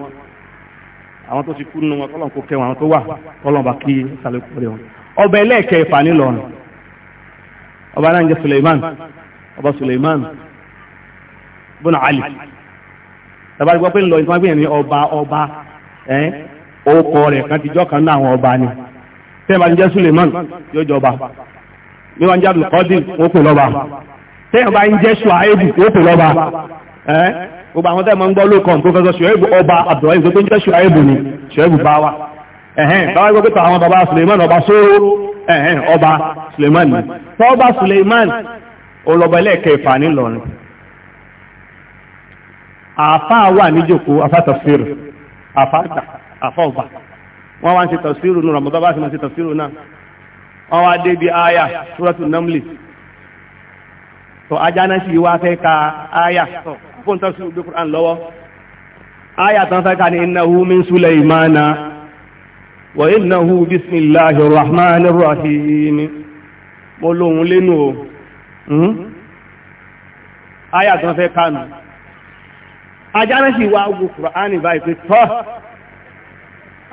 àwọn tó ti kú nínú wọn kọ́lọ̀ kó kẹwọn àwọn tó wà kọ́lọ̀ kí sàlékún orí wọn ọba ẹlẹ́ẹ̀kẹ́ ìfà nílọrin ọba náà ń Suleiman ọba Suleiman Ali pé ọba ọba ẹ̀ orúkọ rẹ̀ kan ti jọ́kan náà àwọn ọba ni tẹ́ẹ̀bá jẹ́ Suleiman yóò jọba bí wọ́n ń jẹ́ Abdulkadir wọ́n pè lọ́ba tẹ́ẹ̀bá ń jẹ́ Shuaibu wọ́n pè lọ́ba ẹ́ gbogbo àwọn tẹ́ẹ̀mọ́ ń gbọ́ ló kàn gbogbo Shuaibu ọba Abdullahi gbogbo ń jẹ́ Shuaibu ni Shuaibu bá wa ẹ̀hẹ́n báwa gbogbo tó àwọn baba Suleiman ọba sóró ẹ̀hẹ́n ọba Suleiman ni tọ́ọ̀ba Suleiman olọba ẹlẹ́ẹ̀kẹfà nílọrin àáfàá wà níjòkó afátàfíìr àfáàtà àfọ́gbà wọ́n wá ń ṣe tafsiru nù Ramadan bá ṣe máa ṣe tafsiru náà wọ́n wá dé bí aya suratu namli tó ajá náà sì wá fẹ́ ka aya fún tafsiru bí Qur'an lọ́wọ́ aya tán fẹ́ ka ní innahu min Sulaymana wa innahu bismillahir rahmanir rahim mo lóhun lẹ́nu o aya hmm? tán fẹ́ kánú ajá náà sì wá gbogbo Qur'an báyìí pé tọ́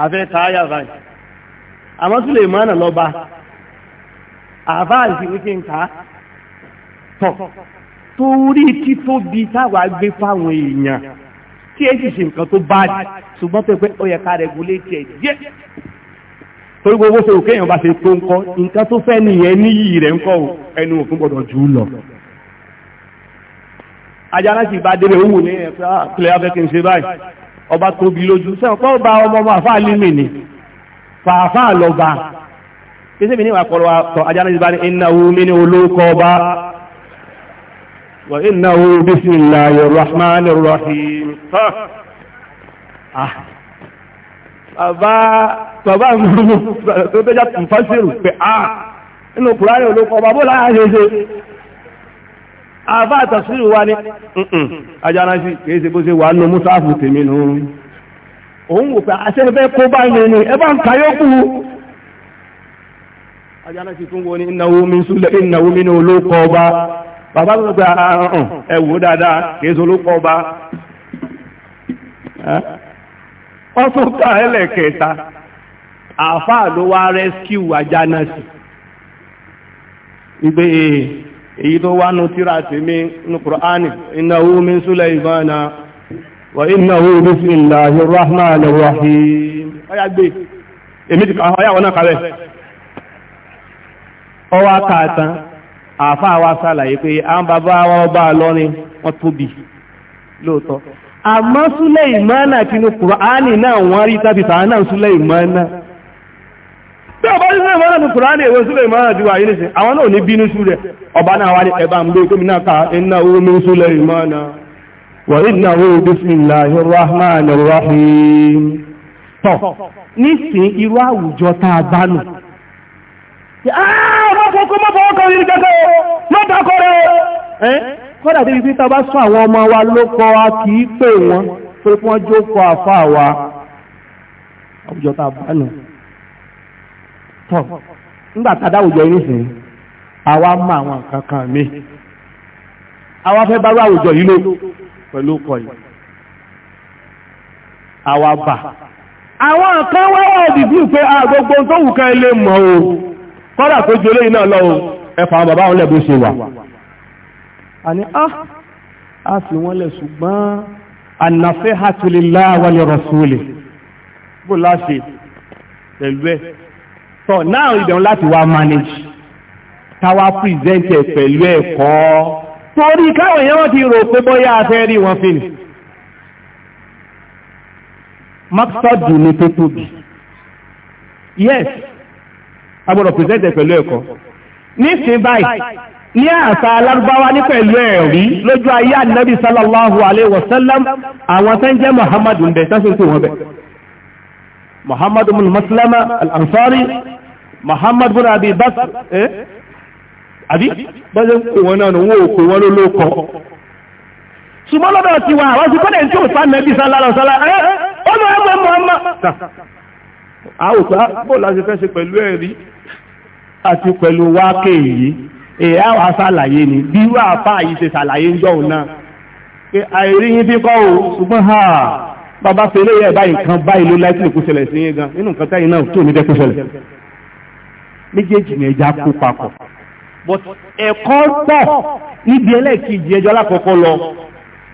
afẹ́ káyà báyìí àmọ́ Sùlèmánà lọ́ba àbá àti wíkí ń ká tọ̀ torí títóbi táwa gbé fáwọn èèyàn tí èsì ṣe nǹkan tó bá dì ṣùgbọ́n pé pé ó yẹ ká rẹ̀gúlétì ẹ̀ díẹ̀ torí gbogbo ṣe òkè èèyàn bá ṣe tó ń kọ́ nǹkan tó fẹ́ nìyẹn níyì rẹ̀ ń kọ́ ẹnu òfin gbọ́dọ̀ jù ú lọ ajá láti ìbá débẹ̀ ó wù ní ẹ̀fẹ́ àpilẹ̀ afẹ́kí ń ṣe báyìí ọba tóbi lójú sẹ́wọ̀n pọ́ bá ọmọ ọmọ àfáà límì ni fàáfáà lọ́ba kéṣe mi ní ìwà pọ̀lọ́ àtọ̀ ajára ìbá ní ìnáwó mi ní olóòkọ ọba wà ìnáwó bismillahir rahmanir rahim ah! bàbá bàbá múrùmù tó tẹ́jà tùfásírù pé a ah! nínú kùránì olóòkọ ọba bó láyà ṣe àbá àtàsírì wa ni ajánáṣí kìí ṣe bó ṣe wà nù mùsáàfù tèmi nù òun wò pé àṣẹfẹ́ kó bá yẹn ni ẹ bá ń ka yókù ajánáṣí tún wo ni ìnáwó mi súlẹ̀ ìnáwó mi olóko ọba bàbá gba ah, ẹ wò dáadáa kìí ṣe olóko ọba wọ́n tún ká ẹlẹ́kẹta èyí tó wá nù tíra tèmi nù kùránì innahu min sulaymana wa innahu bismillahir rahmanir rahim ọyá gbé èmi ti ọyá wọn náà kàwẹ́ ọwọ́ wa sàlàyé pé à ń bàbá wa ọba lọ́rin wọ́n tóbi lóòótọ́ àmọ́ Sulaymana kí nù kùránì náà wọ́n rí tábìtà náà tí ọba ní sílẹ̀ mọ́nà kùránì èwo sílẹ̀ mọ́nà ti wà yìí nìsín àwọn náà ní bínú súrẹ̀ ọba náà wá ní ẹ̀bá ń gbé gómìnà ká iná omi súlẹ̀ ìmọ́nà wà iná owó bismillahi rahman rahim tọ̀ nísìn irú àwùjọ tá a bá nù. tọ̀ nígbà tá a dáwùjọ yìí nìsín àwa mọ àwọn nǹkan kan mi àwa fẹ́ bá àwùjọ yìí lò pẹ̀lú ọkọ̀ yìí àwa bà àwọn nǹkan wá wà dìbí pé àgbogbo ah, tó wù ká ilé mọ̀ o kọ́dà tó ju eléyìí náà lọ o ẹ̀fà àwọn bàbá wọn lẹ̀ bó ṣe wà. àní á á fi wọ́n lẹ̀ ṣùgbọ́n ànàfẹ́ hàtìlélá wà ní rọ̀ṣúlẹ̀ bó láṣẹ pẹ̀lú ẹ̀ so now ìdánwò láti wá manage táwa present ẹ̀ pẹ̀lú ẹ̀kọ́ torí káwọn èèyàn wọ́n ti rò pé bóyá afẹ́ rí wọn fi nì ni tó tóbi yes a gbọ́dọ̀ present ẹ̀ pẹ̀lú ẹ̀kọ́ nísìn báyìí ní àṣà alárúbáwá ní pẹ̀lú ẹ̀rí lójú ayé ànábì sallallahu alaihi wasallam àwọn tó ń jẹ́ muhammadu ń bẹ̀ tó wọ́n bẹ̀ muhammadu bin maslama al-ansari Muhammad bin Abi Bakr ẹ́ eh? àbí bọ́jẹ́ ń kò wọn náà nù wọ́n ò kò wọn ló kọ́ ṣùgbọ́n lọ́dọ̀ ti wà àwọn ti kọ́lẹ̀ tí ò sá nẹ́bí sá lára ọ̀sá lára ẹ́ ó lọ ẹgbẹ́ Muhammad àwòkọ́ bó láti fẹ́ ṣe pẹ̀lú ẹ̀rí àti pẹ̀lú wákè yìí èyí àwọn eh, aṣàlàyé ni bí wà fà yìí ṣe ṣàlàyé ń jọun náà pé àìrí yín bí kọ́ ò ṣùgbọ́n ha bàbá fẹ́lẹ́ yẹ báyìí kan báyìí ló láìpẹ́ kó ṣẹlẹ̀ sí yín gan nínú nǹkan táyìí náà tó ní dẹ́kó ṣẹlẹ̀ méjèèjì ní ẹja kó papọ̀ but ẹ̀kọ́ pọ̀ níbi ẹlẹ́ẹ̀kejì ẹjọ́ alákọ̀ọ́kọ́ lọ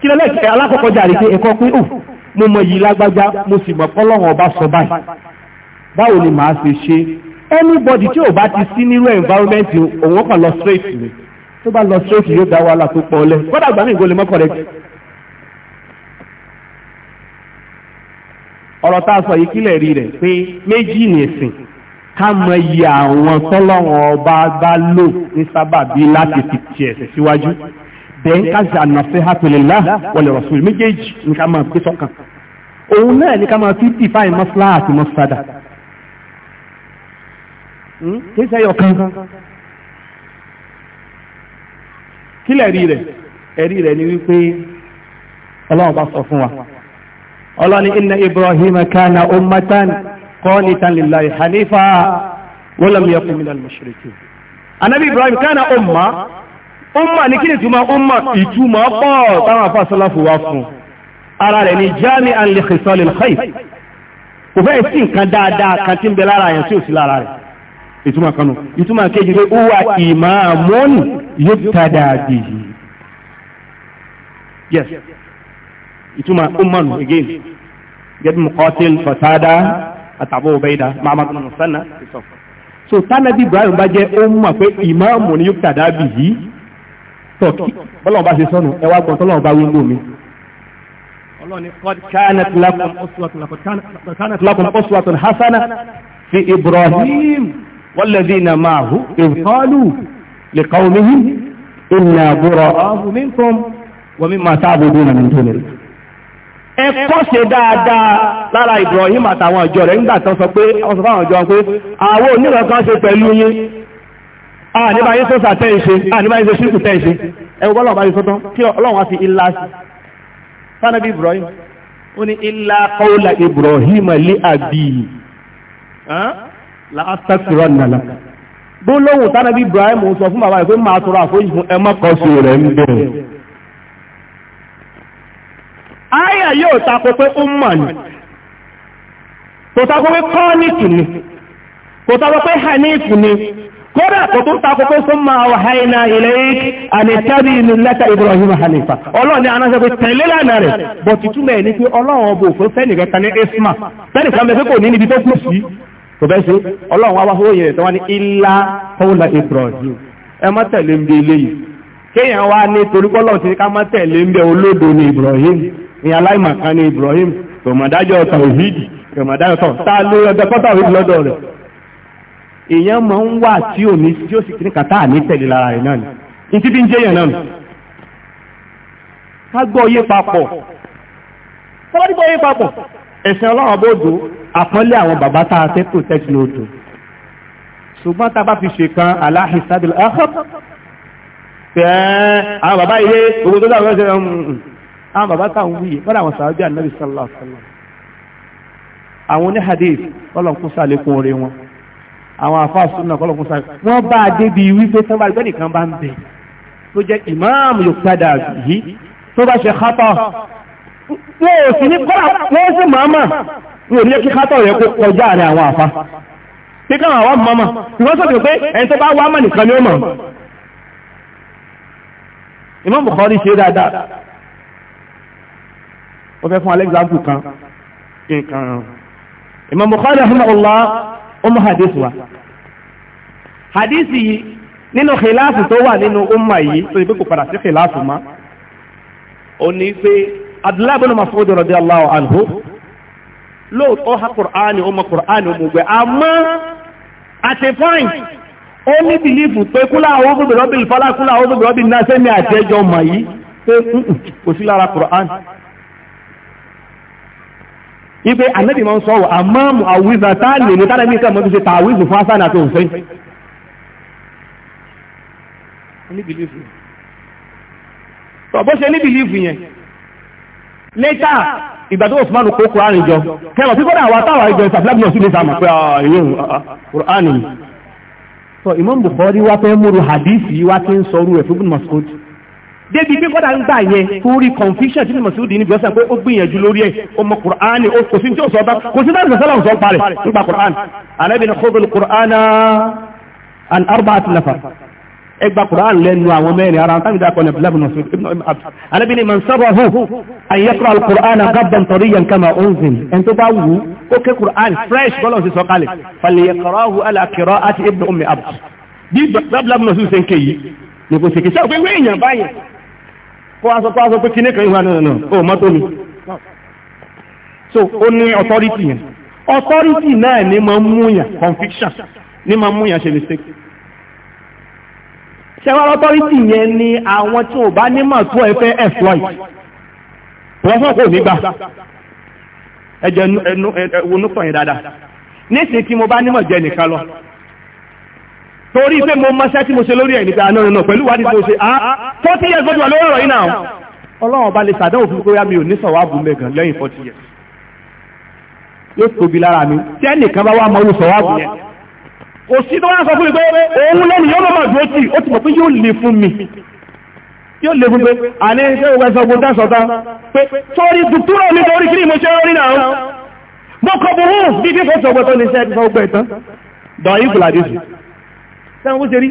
kí lẹ́lẹ́kẹ̀ alákọ̀ọ́kọ́ jàre pé ẹ̀kọ́ pé ò oh, mo mọ yìí lágbájá mo sì mọ̀ pọ́lọ́wọ́n ọba sọ báyìí báwo ni màá ṣe ṣe anybody tí ò bá ti sí nírú environment òun kàn lọ straight ni tó bá lọ straight yóò dá wàhálà tó pọ̀ lẹ́ kọ́dà gbàmí ìgò lè mọ́ correct. ọ̀rọ̀ tá a sọ yìí kílẹ̀ rí rẹ̀ pé méjì ni ẹ̀sìn ká mọ iye àwọn tọ́lọ́wọ́n ọba bá lò ní sábàbí láti fi ti ẹ̀sẹ̀ síwájú bẹ́ẹ̀ ká ṣe an-nasihatu lillah wa li rasul méjèèjì ní ká máa gbé sọ́kàn òun náà ní ká máa fi define maslaha àti mafsada hmm? kí sẹ́yọ̀ kan kílẹ̀ rí rẹ̀ ẹ̀rí rẹ̀ ni wípé ọlọ́run bá sọ fún wa ọlọ́ni inna Ibrahima kana ummatan qanitan lillahi hanifa wa lam yakun minal mushrikin anabi ibrahim kana umma umma ní kí ni túmọ̀ umma ìtumọ̀ pọ̀ táwọn afásọ́láfù wá fún ara rẹ̀ ni jami'an li khisalil khayr kò fẹ́ sí nǹkan dáadáa kan tí ń bẹ lára yẹn tí ò sí lára rẹ̀ ìtumọ̀ kanu ìtumọ̀ kejì pé huwa imamun yuktada bihi yes ìtumọ̀ umman again get muqatil fasada àtàbọ̀ ọ̀bẹ́dà mahamadu musanna ti sọ. so tánàbí ibrahim bá jẹ́ ó mọ̀ pé ìmáàmù ni yóò tàdá bì yí tọ̀kì bọ́lọ́run bá ṣe sọnù ẹ wá gbọ́n tọ́lọ́run bá wí ń gbò mí. ọlọ́ni qad kanat lakum uswatun hasana fi ibrahim walladhina ma'ahu idh qalu liqawmihim inna bura'u minkum wa mimma ta'buduna min dunillah ẹkọ́ ṣe dáadáa lára Ibrahim àtàwọn ìjọ rẹ̀ nígbà tán sọ pé ọsọ fáwọn ìjọ pé àwọn onírọ̀ kan ṣe pẹ̀lú yín àníbá yín sọ́sà tẹ́ ń ṣe àníbá yín ṣe ṣírkù tẹ́ ń ṣe ẹwọ́ ọlọ́run bá yín sọ́tán kí ọlọ́run á fi ilá sí sanabi Ibrahim ó ní ilá kọ́ọ̀lá Ibrahim lé àbí láàtàkùrọ̀ nàlá gbólóhùn sanabi Ibrahim sọ fún bàbá rẹ̀ pé máa tọrọ àforíjì fún ẹmọ́kọ̀ọ́sì rẹ̀ àyà yóò tako pé umma ni kò tako pé kọ́ọ̀nìtì ni kò tako pé hanif ni kódà kò tó tako pé summa awhayna ilayk an ittabi millata ibrahim hanifa ọlọ́run ní anáṣẹ́ pé tẹ̀lé lánàá rẹ̀ bọ̀ títúmọ̀ ẹ̀ ní pé ọlọ́run ọbọ̀ òfin fẹ́nìkan kan ní isma fẹ́nìkan bẹ́ẹ̀ kò ní níbi tó kù sí kò bẹ́ẹ̀ ṣe ọlọ́run wá tó wá ní ilá ibrahim ẹ má tẹ̀lé ń bẹ eléyìí kéèyàn wá ní torí kọ́lọ́ọ̀ ká ìyẹn aláìmọ̀kan ni Ibrahim tòmọ̀dájọ́ tàwíìdì tòmọ̀dájọ́ tọ̀ tá a lé ọjọ́ pọ́tà òhìdì lọ́dọ̀ rẹ̀ èèyàn máa ń wà tí ò ní tí ó sì kíní kàtà ní tẹ̀lé lára rẹ̀ náà ni ní tí bí ń jẹ́ èèyàn náà nù. ká gbọ́ oyé papọ̀ ká bá dé gbọ́ oyé papọ̀ ẹ̀sìn ọlọ́run bó dùn àpọ́nlé àwọn bàbá tá a fẹ́ protect ní odò ṣùgbọ́n tá a bá fi ṣe kan aláhìsádìlá ẹ̀họ́ tẹ́ àwọn bàbá ilé gbogbo tó dáa àwọn bàbá táwọn wúyè wọ́n àwọn sàájú ànábì sallallahu alaihi wasallam àwọn oní hadith ọlọ́kùn sàlékún orí wọn àwọn afáàsùn náà ọlọ́kùn sàlékún wọ́n bá a débi wípé tó bá gbẹ́nì kan bá ń bẹ̀ tó jẹ́ ìmáàmù yóò padà yìí tó bá ṣe kátọ̀ wọ́n ò sì ní kọ́lá wọ́n sì máàmà wọ́n ò ní kí kátọ̀ rẹ̀ kó kọjá rẹ̀ àwọn àfa pé àwọn ó fẹ́ fún alexander kan nǹkan Imam Bukhari rahimahullah ó mú hadith wa hadith yìí nínú khilafu tó wà nínú umma yìí tó yẹ pé kò padà sí khilafu mọ́ ó ní pé Abdullahi bin Mas'ud radiyallahu anhu lóòótọ́ ha kùránì ọmọ kùránì ọmọ ògbẹ́ àmọ́ àti fáìn ó ní bìlífù pé kúlà àwọn obìnrin ọbìnrin fọlá kúlà àwọn obìnrin ọbìnrin náà sẹ́mi àti mọ̀ yìí pé kò sí lára kùránì ipe anabi máa ń sọ wọ àmọ́ mu àwùzà tá a lè ní tálẹ́ ní kàmọ́ tó ṣe tàwíìzù fún hasan àti òfin. tọ́ bó ṣe ní bìlífù yẹn létà ìgbà tó Osman kó Kùránì jọ kẹwàá tí kódà àwọn táwọn ìjọ ìsàfilàbí náà sí ní sàmà pé ààyè ah, Kùránì. Ah, ah, tọ́ Imam Bukhari wá fẹ́ múru hadisi wá ti ń sọrú ẹ̀ fún Mas'ud débi pé kọ́dà ń gbà yẹn torí confusion tí mọ̀ sí òdì níbi ọ̀sán pé ó gbìyànjú lórí ẹ̀ ọmọ kùránì kò sí tí ó sọ bá kò sí láti sọ́lá ọ̀sán parẹ̀ nípa kùránì alábìnrin kọ́dọ̀ kùránà an arba àti nafa ẹ gba kùránì lẹ́nu àwọn mẹ́rin ara tábìlì akọ ní abdullahi nasir ibn abd alábìnrin man sábà hù ayẹ́kọ̀ọ́ alkùránì gabdan tọ̀ríyàn kama ounzin ẹn tó bá wù ó ké kùránì fresh bọ́lọ̀ sí sọ́kalẹ̀ falẹ̀yẹ̀kọ̀ọ́ alakirọ́ àti ibn kó wá sọ pé aṣọ pé kíní kan ìwà náà náà ó mọ́tò mi so ó ní authority yẹn authority náà ní máa mú yàn conviction ní máa mú yàn ṣe mistake sẹ́wọ́n authority yẹn ni àwọn tí ò bá ní mà tó ẹ fẹ́ exploit wọ́n fọ́n kò ní gbà ẹ̀jẹ̀ ẹnu ẹ̀wọ̀n nípa yẹn dáadáa nísìnyí tí mo bá nímọ̀ jẹ́ nìkan lọ torí pé mo máa ṣẹ́tí mo ṣe lórí ẹ̀ nípa àná ìrìnà pẹ̀lú wádìí mo ṣe á ah, forty years gbọ́dọ̀ lórí ọ̀rọ̀ yìí náà ọlọ́run ọba lè ṣàdánwò fún kóyá mi ò ní sọ̀wọ́ àbúmẹ̀gàn lẹ́yìn forty years yóò tóbi lára mi tí ẹnìkan bá wà mọ́ orú sọ̀wọ́ àbù yẹn kò sí tó wá sọ fún mi pé òun lẹ́nu yóò lọ́mọ̀ dúró tì ó ti mọ̀ pé yóò lè fún mi yóò lè fún pé àní ṣé o wẹ́sọ̀ ogun tẹ́sọ̀ pé sórí dùtúrọ̀ mi lórí kí ni mo ṣe rí náà mo kọ burú bí kí kò sọ ní iṣẹ́ ti sọ gbẹ tán dọ̀ sẹ́wọ̀n bó ṣe rí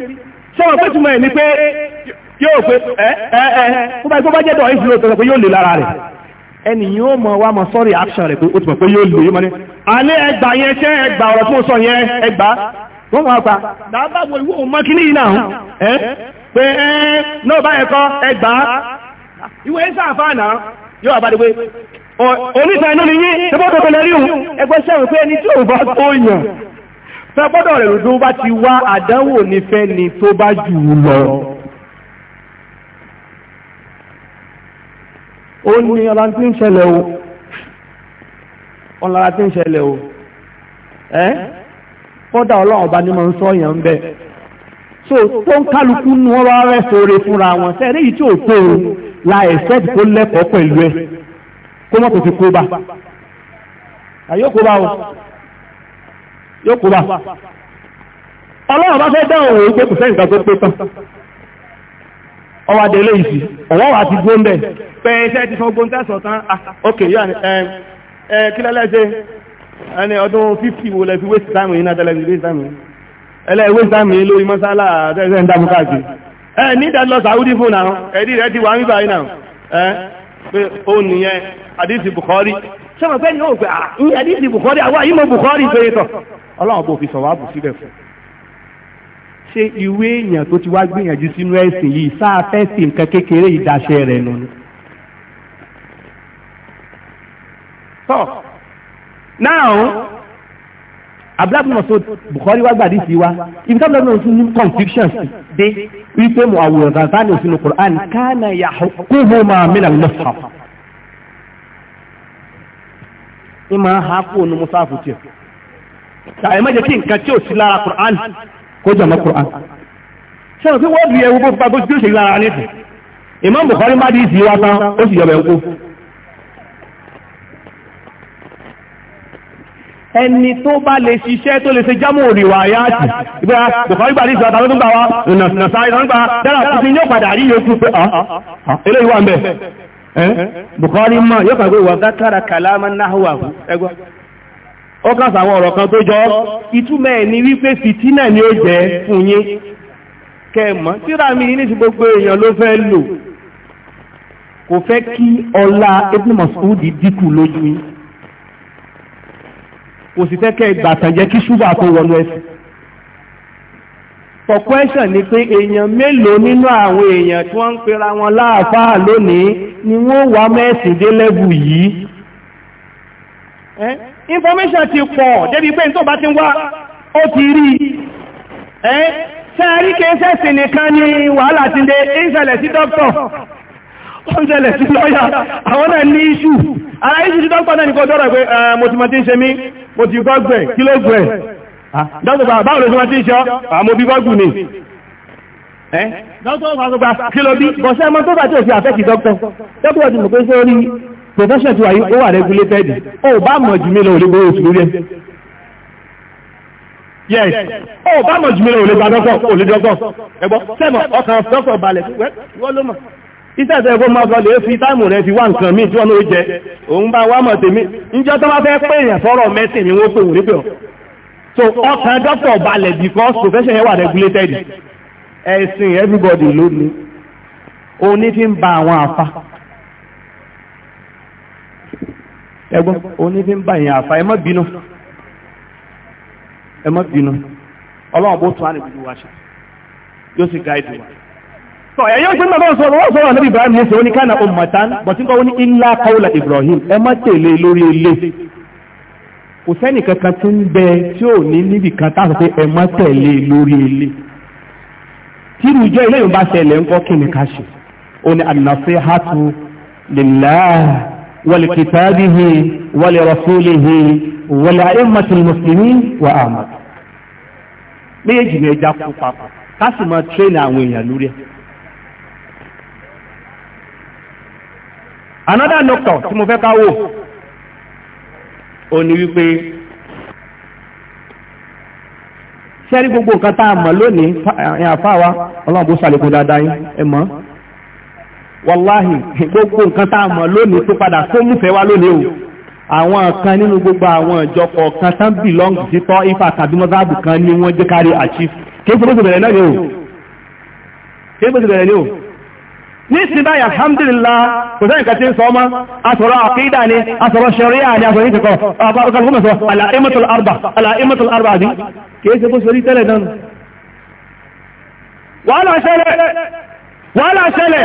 sọ́wọ́n pé túmọ̀ ẹ̀ ní pé yóò pé ẹ ẹ ẹ kó bá jẹ́ dọ̀ ìṣirò tọ̀tọ̀ pé yóò lè lára rẹ̀ ẹni yóò mọ̀ wá mọ̀ sọ́rí action rẹ̀ pé ó ti mọ̀ pé yóò lè mọ́ ní alẹ́ ẹgbà yẹn ṣẹ́ ẹgbà ọ̀rọ̀ tó sọ yẹn ẹgbà wọ́n mọ̀ pa dábàbò ìwò mọ́ kí ní ìnà ẹ pé ẹ náà bá ẹ̀kọ́ ẹgbà ìwé sáfàánà yóò àbádé sẹ́gbọ́dọ̀ rẹ̀ lòdó bá ti wá àdánwò nífẹ́ ni tó bá jù ú lọ. ó ní ọlá tí ń ṣẹlẹ̀ o ọlá tí ń ṣẹlẹ̀ o ẹ́ kọ́dà ọlọ́run ọba ní máa ń sọ èèyàn ń bẹ̀. so tó ń kálukú nu wọn wá rẹ̀ sóore fúnra wọn sẹ́ẹ̀rẹ́ yìí tí ò tó o la ẹ̀sẹ̀ tó lẹ́kọ̀ọ́ pẹ̀lú ẹ̀ kó mọ̀ kò fi kó bá. àyè bá o yóò kó bá ọlọ́run bá fẹ́ dá òun wípé kò fẹ́ nǹkan tó pé tán ọwọ́ adé lè yìí ọwọ́ wa ti gbóńbẹ̀ pé iṣẹ́ ti fọ́ gbóńtẹ́ sọ̀tán ah, ok yóò ní ẹ kí lẹ́lẹ́sẹ̀ ẹni ọdún 50 wo lẹ fi waste time yìí náà tẹ́lẹ̀ fi waste time yìí lórí mọ́sálà tẹ́sẹ̀ ń dámú káàkiri ẹ ní ìdánilọ sàúdí fún náà ẹ̀dí rẹ ti wà ń báyìí náà ẹ pé ó nìyẹn àdìsí Bukhari ṣé mo fẹ́ ní òkè àdìsí Bukhari àwọn àyímọ̀ Bukhari pé tọ̀ ọlọ́run bò fi sọ̀wáàbù síbẹ̀ fún ṣé ìwé èèyàn tó ti wá gbìyànjú sínú ẹ̀sìn yìí sáà fẹ́ sí nǹkan kékeré ìdáṣẹ rẹ̀ nù ni. tọ́ náà abdulhamid masoud bukhari wa gbàdí sí wa ibi tábìlì náà tún ní confusion dé wípé mu àwòrán tanzania sínú quran kánà yàhùkúhùn máa mìíràn lọ́sàá ìmọ̀ ha kúrò ní musáfù tiẹ̀ ẹ má jẹ́ kí nǹkan tí ò sí Qur'an kó jẹ́ mọ́ Qur'an sẹ́wọ̀n pé wọ́ọ̀dù yẹ gbogbo gbogbo tí ó ṣe lára níbi Imam Bukhari má dìí sí wa tán ó sì yọbẹ̀ ńkó ẹni tó bá lè ṣiṣẹ́ tó lè ṣe jámù òrìwà ayáàtì ìgbà Bukhari gbà dìí sí ọ̀tà lọ́dún gbà wá nàṣà ìrànlọ́gbà dára tó ti ní ọ̀padà rí yóò tún pé ah, ah, ah, eléyìí wà ń bẹ̀ Bukhari mọ̀ yóò kàgbé wà gákàrà kàlámà náà wà ẹgbọ́ ó kàṣà àwọn ọ̀rọ̀ kan tó jọ ìtumọ̀ ẹ̀ ni wípé fìtínà ni ó jẹ́ fún yín kẹmọ́ tíra mi ní ti gbogbo èèyàn ló fẹ́ lò kò fẹ́ kí ọlá Ibn Mas'ud dínkù lójú yín kò sì fẹ́ kẹ́ gbàtàn jẹ́ kí ṣúgà tó wọnú ẹsẹ̀ for question ni pé èèyàn mélòó nínú àwọn èèyàn tí wọ́n ń pera wọn láàfáà lónìí ni wọ́n wà mẹ́sìn dé lẹ́bù yìí information ti pọ̀ débi pé tó bá ti wá ó ti rí ẹ́ sẹ́ẹ̀rí kéṣẹ́sì nìkan ni wàhálà ti dé ìṣẹ̀lẹ̀ sí dókítọ̀ ó ń ṣẹlẹ̀ sí lọ́yà àwọn náà ní iṣù ara iṣù tí dókítà náà ní kó dọ́rọ̀ pé mo ti máa ti ń ṣe mí mo ti gọ́gbẹ̀ kí ló ah, ah, ni dókítà profession ti wà ó wà regulated ó bá mọ̀ jù mí lọ ò lè gbowó oṣù lórí ẹ̀ yes ó bá mọ̀ jù mí lọ ò lè gba dọ́kọ̀ ò lè dọ́kọ̀ ẹ̀gbọ́n sẹ́mọ̀ ọkàn dọ́kọ̀ balẹ̀ wọ́n ló mọ̀ iṣẹ́ ìṣẹ́ ẹ̀kọ́ máa sọ lè fi táìmù rẹ̀ fi wá nǹkan míì tí wọ́n ló jẹ òun bá wá mọ̀ tèmi níjọ́ tó bá fẹ́ pé èèyàn fọ́rọ̀ mẹ́sìn mi wọ́n pè wò nípẹ̀ ọ́ so ọkàn dọ́kọ̀ balẹ̀ because profession yẹn wà regulated ẹ̀sìn everybody lónìí òun ní fi ń ba àwọn àfa ẹgbọ́n onye fi ń bá yẹn ẹ má bínú ẹ má bínú ọlọ́run bó tún á nìbí wá ṣe yóò sì gáìdì wá. sọ ẹ yóò ṣe ń bàbá níbi Ibrahim yẹn sọ ní ní Ibrahim ẹ lórí ilé kò kankan ń bẹ tí ò ní níbi kan pé ẹ lórí ilé ìjọ ilé yóò bá ṣẹlẹ̀ ńkọ́ kí ni ká ṣe ó ní ولكتابه ولرسوله ولأئمة المسلمين وآمد méjì ni ẹja kó papọ̀ ká sì máa tírẹ́nì àwọn èèyàn lórí ẹ̀. another doctor tí mo fẹ́ ká wò ó ní wípé sẹ́rí gbogbo nǹkan tá a mọ̀ lónìí àfáà wa ọlọ́run bó ṣàlékún dáadáa yín ẹ mọ̀ ọ́ wàláhì gbogbo nǹkan tá a mọ̀ lónìí tó padà tó múfẹ́ wá lónìí o àwọn kan nínú gbogbo àwọn ìjọ kọ̀ọ̀kan tán bìlọ́ǹgì sí tọ́ ifá tàbí mọ́sáàbù kan ni wọ́n jẹ́ kárí achieve kéèkó bó ti bẹ̀rẹ̀ náà ni o kéèkó bó ti bẹ̀rẹ̀ ni o ní ìsinmi àyà alhamdulillah kò sẹ́yìn kàtí ń sọ ọmọ asọ̀rọ̀ àkídà ni asọ̀rọ̀ ṣẹ̀ríà ni asọ̀rọ̀ ìkẹ̀kọ̀ wàhálà ṣẹlẹ̀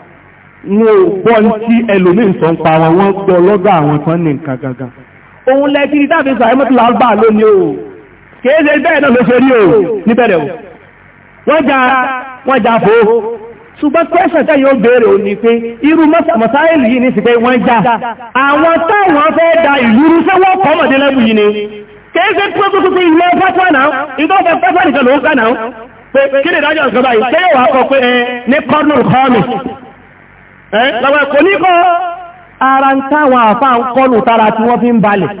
wọn ò gbọ́ tí ẹlòmíín sọ ń pa wọn wọ́n gbọ́ lọ́dọ̀ àwọn kan ní nǹkan gangan òun lẹ́tí ní táàfin sàrẹ́mọ́tò làálùbà lónìí o kìí ṣe bẹ́ẹ̀ náà ló ṣe rí o níbẹ̀rẹ̀ o wọ́n jà wọ́n jà fò ó ṣùgbọ́n kwẹ́sàn tẹ́ yóò béèrè ò ní pé irú mọ́sáìlì yìí ní sí pé wọ́n jà àwọn táwọn fẹ́ da ìlú rú sí wọ́n kọ́ mọ̀dé lẹ́bù yìí ni kìí ṣe tó tó tó ilé pátá náà ìtọ́fẹ́ pátá nìkan ló ń kà náà pé kí ni lọ́wọ́ eh? eh? kò ní kọ́ ara ń táwọn àfá ń kọlù tára tí wọ́n fi ń balẹ̀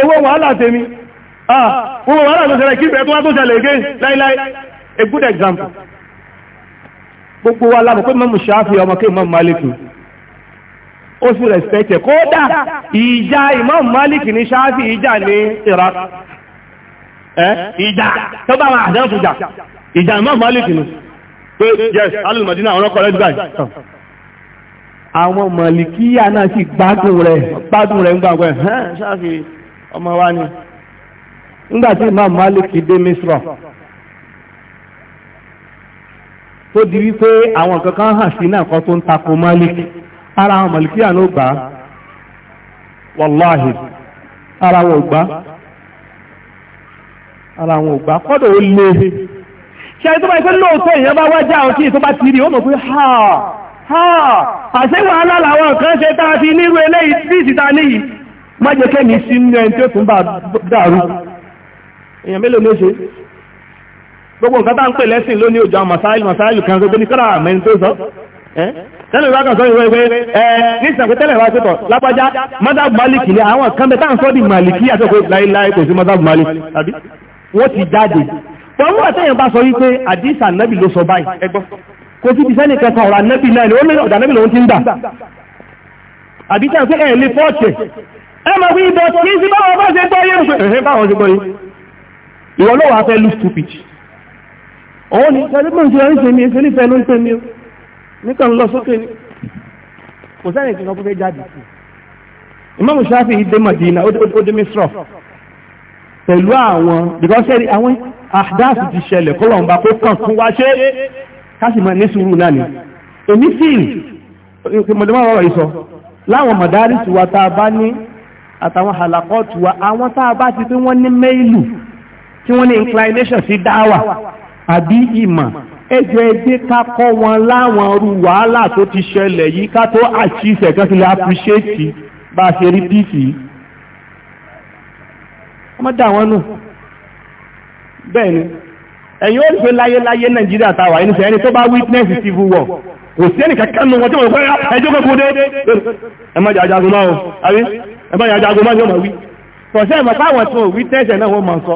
ewé eh, wàhálà tèmi ah, wọ́n wàhálà ṣẹlẹ̀ kí tó wá tó ṣẹlẹ̀ again láíláí a good example gbogbo wa lábọ̀ pé mọ́mù ọmọ kí mọ́mù ó sì respect kódà ìjà ní ìjà ní Iraq ìjà tó bá wọn ìjà ní pé yes alùmọ̀dínà àwọn ọkọ̀ rẹ̀ gbà àwọn mọ̀lìkíyà náà sì gbádùn rẹ̀ gbádùn rẹ̀ gbàgbọ́ ẹ̀ hàn ọmọ wa ni nígbà tí Imam Malik dé Misra tó di wípé àwọn nǹkan kan hàn sí náà kan tó ń tako Malik ara àwọn mọ̀lìkíyà náà gbà wàláhì ara wọn ò gbà ara wọn ò gbà kọ́dọ̀ ó lé ṣe tó bá ìpé lóòótọ́ èèyàn bá wájá àwọn tí ìtọ́bá ti rí ó pé ha ha àṣẹ wàhálà làwọn kan ṣe tára fi nírú eléyìí tí ìsìta níyìí má jẹ́ kẹ́mi sí inú ẹni tí ó tún bá dàrú èèyàn mélòó ló ṣe gbogbo nǹkan tá ń pè lẹ́sìn lónìí òjò àwọn masáìlì masáìlì kan gbogbo ní kọ́ra àmẹ́ni tó sọ tẹ́lẹ̀ ìwà kan sọ ìwé ìwé ẹ̀ ní ìsìnkú tẹ́lẹ̀ ìwà pẹ́tọ̀ lápájá mọ́dáàbù máàlìkì ni àwọn kan bẹ táwọn sọ́ọ̀dì máàlìkì àti òkú láéláé kò sí mọ́dáàbù máàlìkì tàbí wọ́n ti jáde pẹ̀lú àtẹ́yìn bá sọ wípé àdísà nẹ́bì ló sọ báyìí ẹgbọ́ kò sí ti sẹ́nì kẹta ọ̀rọ̀ nẹ́bì náà ni ó lè ọ̀dà nẹ́bì lòun ti ń dà àdísà ń pẹ́ ẹ̀lẹ́ fọ́ọ̀tì ẹ mọ̀ pé ibẹ̀ kì í sí báwọn bá ṣe gbọ́ yé ń pè é báwọn ṣe gbọ́ yé ìwọ ló wà á fẹ́ lu stupid òun ni pẹ̀lú mọ̀ nítorí ṣe mi ìfẹ́ nífẹ̀ẹ́ ló ń pè mí o nìkan lọ sókè ni kò sẹ́nì kankan tó fẹ́ jáde sí Imam Shafi'i dé Madina ó dé Misra pẹ̀lú àwọn because àwọn àdáàsì ti ṣẹlẹ̀ kọ́lọ̀ ń bá kó kàn tún wá ṣe káṣì máa ní sùúrù náà ni èmi sì ìpèmọ̀démọ̀ ọ̀rọ̀ ìsọ láwọn mọ̀dárí tí wa tá a bá ní àtàwọn àlàkọ́ tí wa àwọn tá a bá ti pé wọ́n ní méìlù tí wọ́n ní inclination sí dáwà àbí ìmọ̀ ẹjọ́ ẹgbẹ́ ká kọ́ wọn láwọn ọrú wàhálà tó ti ṣẹlẹ̀ yìí ká tó àṣìṣẹ́ kan fi lè appreciate bá a ṣe rí píìsì yìí wọ́n dà bẹ́ẹ̀ni ẹ̀yin ó rí pé láyéláyé nàìjíríà táwà ẹni sẹ́ni tó bá witness civil war kò sí ẹnì kankan nù wọn tí wọn fẹ́ ẹjọ́ kókó dé ẹ má jẹ ajagun máa o àbí ẹ má jẹ ajagun máa ni wọn máa wí tọ̀sẹ̀ ẹ̀ witness ẹ̀ náà wọ́n máa sọ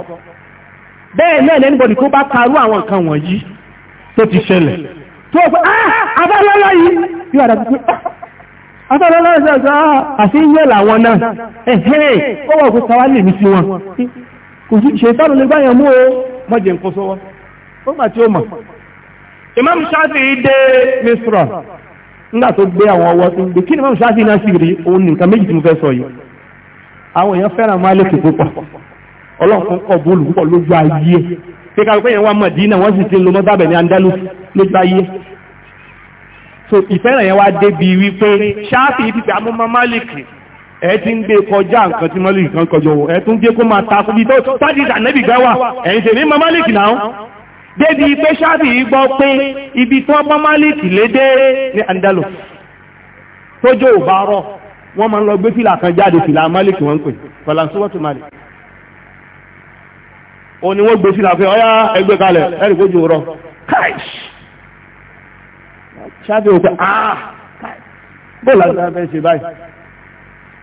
bẹ́ẹ̀ náà ní anybody tó bá karú àwọn nǹkan wọ̀nyí tó ti ṣẹlẹ̀ tó o pé ah, abálọ́lá yìí yóò àdàbí pé ah, abálọ́lá yìí àti yẹ́ làwọn náà ẹ̀hẹ́ ó wọ̀ pé káwá lè mí sí wọn ṣètọ́nù lè gbáyàn mú o mọ́jẹ̀ nǹkan sọ́wọ́ ó gbà tí ó mọ̀ Imam Shafi'i dé Misra nígbà tó gbé àwọn ọwọ́ tó ń gbé kí ni Imam Shafi'i náà sì rí òun nìkan méjì tí mo fẹ́ sọ yìí àwọn èèyàn fẹ́ràn Malik púpọ̀ ọlọ́run kọ̀ bóòlù púpọ̀ lójú ayé pé ká pé yẹn wá Madina wọ́n sì ti ń lo mọ́tàbẹ̀ ní Andalus lójú ayé so ìfẹ́ràn yẹn wá débi wípé Shafi'i fífẹ́ amúmọ́ Malik ẹ ti ń gbé kọjá nǹkan tí kan kọjọ wò ẹ tún jẹ́ kó máa ta fún bí tó sádìsà nẹ́bì gbẹ́ wà ẹ̀yìn tèmi náà débi pé ṣáàbì ibi wọ́n bá mọ́lìkì lédè ní Andalus tójó ò bá rọ̀ wọ́n máa ń lọ gbé fìlà kan jáde fìlà mọ́lìkì wọ́n ń pè wọ́n gbé ọyá ẹgbẹ́ kalẹ̀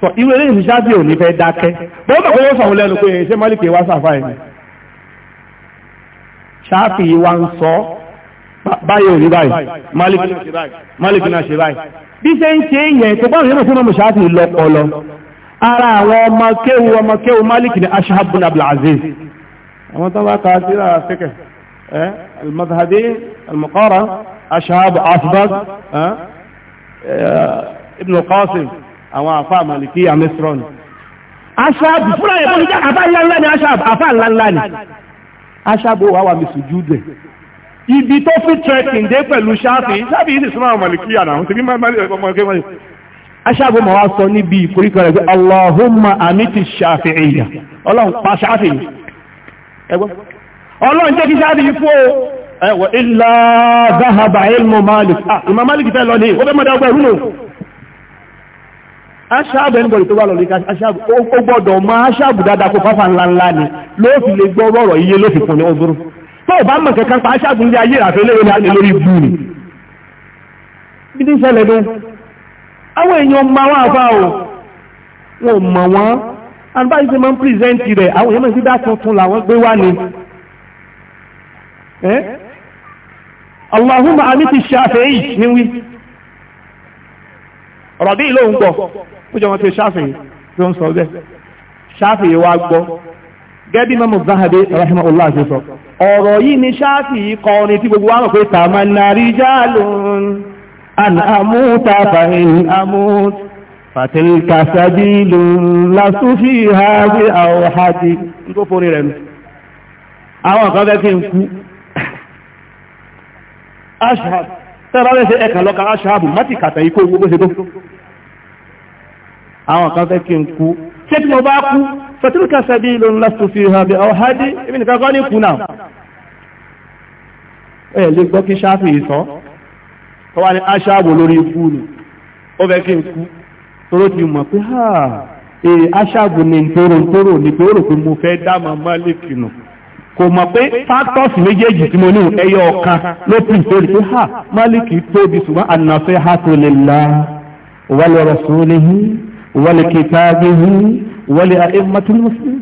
sọ irú eré ìmúṣáájú ò ní fẹ́ dákẹ́ bọ́ọ̀ mọ̀ pé yóò sọ̀rọ̀ lẹ́nu pé ṣé mọ́lìkì wá sàfà ẹ̀ ni ṣáàfì wa ń sọ báyìí ò rí báyìí mọ́lìkì náà ṣe báyìí bí ṣe ń ṣe yẹn tó báwọn yóò fún ọmọ ṣáàfì lọ́pọlọ ara àwọn ọmọ kéwu ọmọ kéwu mọ́lìkì ní aṣáàbùn abdulaziz àwọn tó bá kàá sí ara fẹ́kẹ̀ ẹ́ almadhhabi aṣáàbù asbag ibn qasim àwọn àfá àmàlìkí àmẹ́sìrọ̀ ni aṣáàbù fúnra ẹ̀ fún àfá ńláńlá ni aṣáàbù àfá ńláńlá ni aṣáàbù wà wà mí sùjúdù ibi tó fi trekking dé pẹ̀lú ṣáàfì ṣáàfì yìí sì súnmọ́ àmàlìkí àdáhùn tìbí aṣáàbù ma wá sọ níbi ìforíkọ rẹ̀ pé Allahumma amiti ṣàfi'iyya ọlọ́run pa ṣáàfì yìí ẹgbọ́n ọlọ́run jẹ́ kí ṣáàfì yìí fún o ẹwọ̀ zahaba ilmu malik ah imam malik fẹ́ lọ ní ó fẹ́ mọ́dá ọgbẹ̀rún aṣáàbù ẹnìbọ̀dì tó wà lọ lórí aṣáàbù ó gbọ́dọ̀ mọ aṣáàbù dáadáa kó fáfà ńlá ńlá ni ló fi lè gbọ́ rọ̀rọ̀ iye ló fi kún ní ọdún tó o bá mọ̀ kankan pa aṣáàbù ní ayé lórí ni. bí ní ṣẹlẹ̀ ní àwọn èèyàn máa wá àbá o wọn ò mọ̀ wọ́n àbáyé ṣe máa ń pírẹ́sẹ̀ntì rẹ̀ àwọn èèyàn máa ma dá tuntun làwọn gbé ni. Allahumma amiti Shafi'i ni Rabi ó jẹ́ wọn pé ṣáfì tó ń sọ bẹ́ẹ̀ ṣáfì wa gbọ́ gẹ́bí mọ́mù záhàbí rahimahullah ṣe sọ ọ̀rọ̀ yìí ni ṣáfì kọ orin tí gbogbo wọn pé tamanna rijalun an amuta fa in amut fatilka sabilun lastu fiha bi awhadi n tó forí rẹ̀ nù àwọn kan fẹ́ kí n kú ashab tẹ́lá rẹ̀ ẹ̀kà lọ́ka ashab mọ́tìkàtà ikú gbogbo ṣe tó àwọn kan fẹ́ kí n kú ṣé tí mo bá kú fatilka sabilun lastu fiha bi awhadi ibi nìkan kọ́ ní kú náà ẹ̀ lè gbọ́ kí ṣáfì ìsọ́ tó wá ní aṣáàbò lórí ikú ni ó fẹ́ kí n kú tóró ti mọ̀ pé ha èè aṣáàbò ni ntòrò ntòrò ni pé ó rò pé mo fẹ́ dá màmá lẹ́kìnnù kò mọ̀ pé factors méjèèjì tí mo ní ẹyọ ọ̀kan ló pì sórí pé ha Málíkì tóbi ṣùgbọ́n ànàfẹ́ hàtò lè la wal ولكتابه ولأئمة المسلمين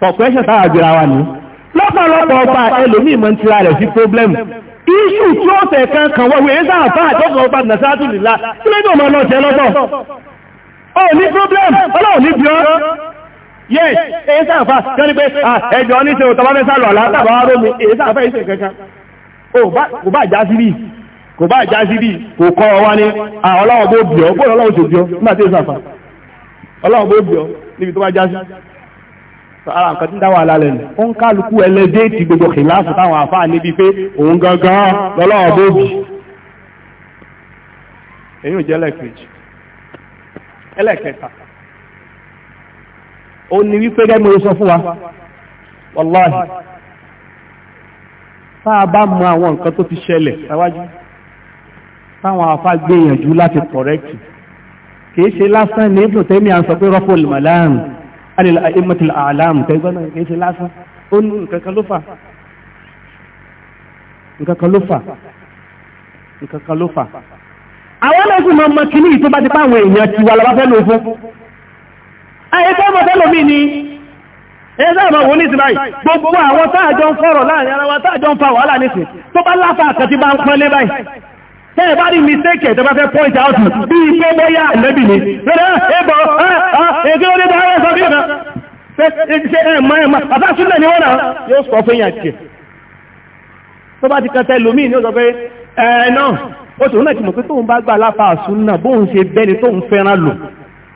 ọ̀pọ̀ ẹ̀ṣẹ̀ sára jìra wa ní lọ́pọ̀lọpọ̀ ọba ẹlòmíì mọ̀ ti ra rẹ̀ sí problem iṣu tí ó fẹ́ kan kan wọ́wọ́ èyí sáà fáà tó kọ̀ ọba nàṣáàtù nìlá tí lẹ́jọ́ ọmọ ọlọ́ọ̀ṣẹ́ lọ́tọ̀ ó ní problem ọlọ́ọ̀ ní bíọ́ yes èyí sáà fáà tí wọ́n ní pé ẹjọ́ ní ṣe òtọ́bá mẹ́sàlọ́ àlá tàbá wá rómi èyí sáà fáà ìṣẹ̀ kankan kò bá já sí bí kò kọ́ ọ wá ní ọlọ́wọ́ bó bì ọ́ bóyá ọlọ́wọ́ tó bì ọ́ nígbà tí èso àfà ọlọ́wọ́ bó bì ọ́ níbi tó bá já sí ara nǹkan tí ń dá wà lálẹ́ nù ó ń kálukú ẹlẹ́dẹ́ẹ̀tì gbogbo kìláàfù táwọn àfáà níbi pé òun gangan lọ́lọ́wọ́ bó bì èyí ò jẹ́ ẹlẹ́kejì ẹlẹ́kẹta ó ní wípé gẹ́gẹ́ mo sọ fún wa wàláhì tá a bá mọ àwọn nǹkan tó ti ṣẹlẹ̀ táwọn afá gbìyànjú láti kọ̀rẹ́kì kìí ṣe lásán ní ibùdó tẹ́mi à ń sọ pé rọ́pòlì màláàmù alìlà ìmọ̀tìlà àlàmù tẹ́gbọ́n náà kìí ṣe lásán ó ní nǹkan kan ló fà nǹkan kan ló fà nǹkan kan ló fà. àwọn náà sì máa mọ kíní yìí tó bá ti bá àwọn èèyàn tiwa lọ́wọ́ fẹ́ gbogbo àwọn táàjọ ń fọ̀rọ̀ láàrin ara wa táàjọ ń fa wàhálà nísìn tó bá láfa àkàtì bá ń pọ́nlé báyìí tẹ́ẹ̀ bá rí mistake ẹ̀ tẹ́bá fẹ́ point out bí ikọ́ bọ́yá lẹ́bì ni rẹ̀ ẹbọ̀ ẹgbẹ́ orí bá rẹ̀ sọ bí ọ̀nà ṣe ẹ̀mọ́ ẹ̀mọ́ àbáṣúlẹ̀ ni wọ́n náà yóò sọ fún yàn tiẹ̀ tó bá ti kẹta ẹlòmíì ní ọ̀sọ̀ pé ẹ̀ náà ó sì rúnà ìtìmọ̀ pé tóun bá gbà láfa àsún náà bóun ṣe bẹ́ni tóun fẹ́ràn lò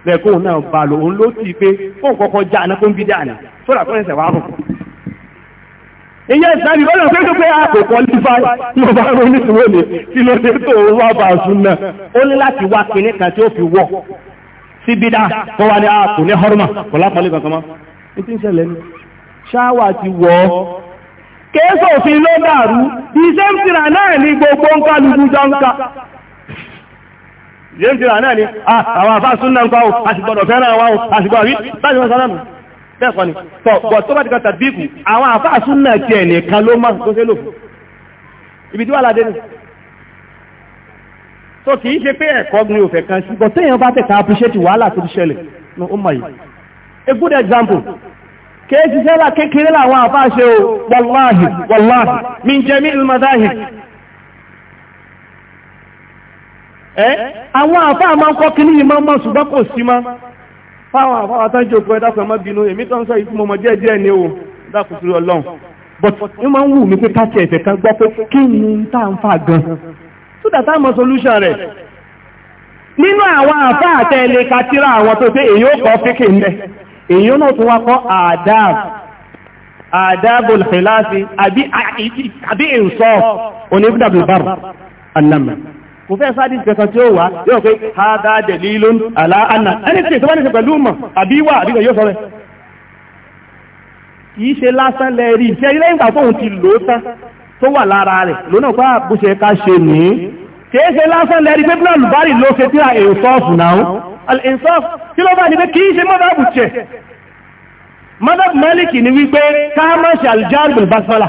lẹ́kọ̀ọ́ náà bá lò òun ló ti pé fóun kọ́kọ́ já àná pé ń bí dáa ní sódà tó ń ṣẹ̀wá rùn ìyẹ́ ìsáàbì bọ́lá pé tó pé àpò qualify ló bá rọ nítorí òní tí ló dé tó wá bá sùn náà ó ní láti wá kinní kan tí ó fi wọ̀ sí bídà tó wá ní àpò ní họ́rùmà kò lápọ̀lẹ́ kankan mọ́ ní tí ń ṣẹlẹ̀ ní ṣáwà ti wọ̀ ọ́ kéésù òfin ló dàrú iṣẹ́ ń tira náà ní gbogbo ń ká lùdú jọ́ǹkà iṣẹ́ ń tira náà ní ah, àwọn àfáà sún náà ń pa ó àsìgbọ́dọ̀ fẹ́ràn wa ó àsìgbọ́ bẹ́ẹ̀kọ́ ni tọ́ bọ̀ tó bá ti ka tàbíkù àwọn àfáà súnà tiẹ̀ nìkan ló mọ̀ tó ṣe lò fún ibi tí wà ládé ni so kì í ṣe pé ẹ̀kọ́ ni òfẹ́ kan sí bọ̀ téèyàn bá tẹ̀ka appreciate wàhálà tó ti ṣẹlẹ̀ no ó mọ̀ yìí a good example kìí ṣiṣẹ́ là kékeré làwọn àfáà ṣe o wàláhì wàláhì min jẹ́mí ilmadáhì ẹ́ àwọn àfáà máa ń kọ́ kí ní ìmọ̀ mọ̀ ṣùgbọ́n kò sí mọ́ fáwọn àfáwà tán jòkó ẹ dákun bínú èmi tó ń sọ ìfún ọmọ díẹ̀ ni o dákun ọlọ́run but wọ́n máa ń wù mí pé káàkiri ẹ̀sẹ̀ kan gbọ́ pé kí ni tá à ń fà gan so that I'm a solution rẹ̀ nínú àwọn àfá àtẹ́lẹ̀ katira àwọn tó pé èyí ó kọ́ fíkì ń bẹ́ èyí ó náà tún wá kọ́ àdáàb àdáàbòl fẹ̀láṣí àbí ìsọ́ onígbàbùbàrù annama kò fẹ́ sáàdì kẹsàn tí ó wà yóò pé ha dáadẹ̀ lílo aláàánà ẹni tí ìtọ́wọ́ ní ṣe pẹ̀lú mọ̀ àbí wà àbí yóò sọ rẹ̀ kì í ṣe lásán lẹ́rí iṣẹ́ ilé ìgbà tóun ti lò ó tán tó wà lára rẹ̀ lónà pa bó ṣe ká ṣe nìí kì í ṣe lásán lẹ́rí pé bílọ̀ lùbárì ló ṣe tíra ìsọ́ọ̀fù náà al-insaf kí ló bá ní pé kì í ṣe mọ́dàbù tiẹ̀ mọ́dàbù málìkì ni wípé ká má ṣe àlùjáàrùn basmala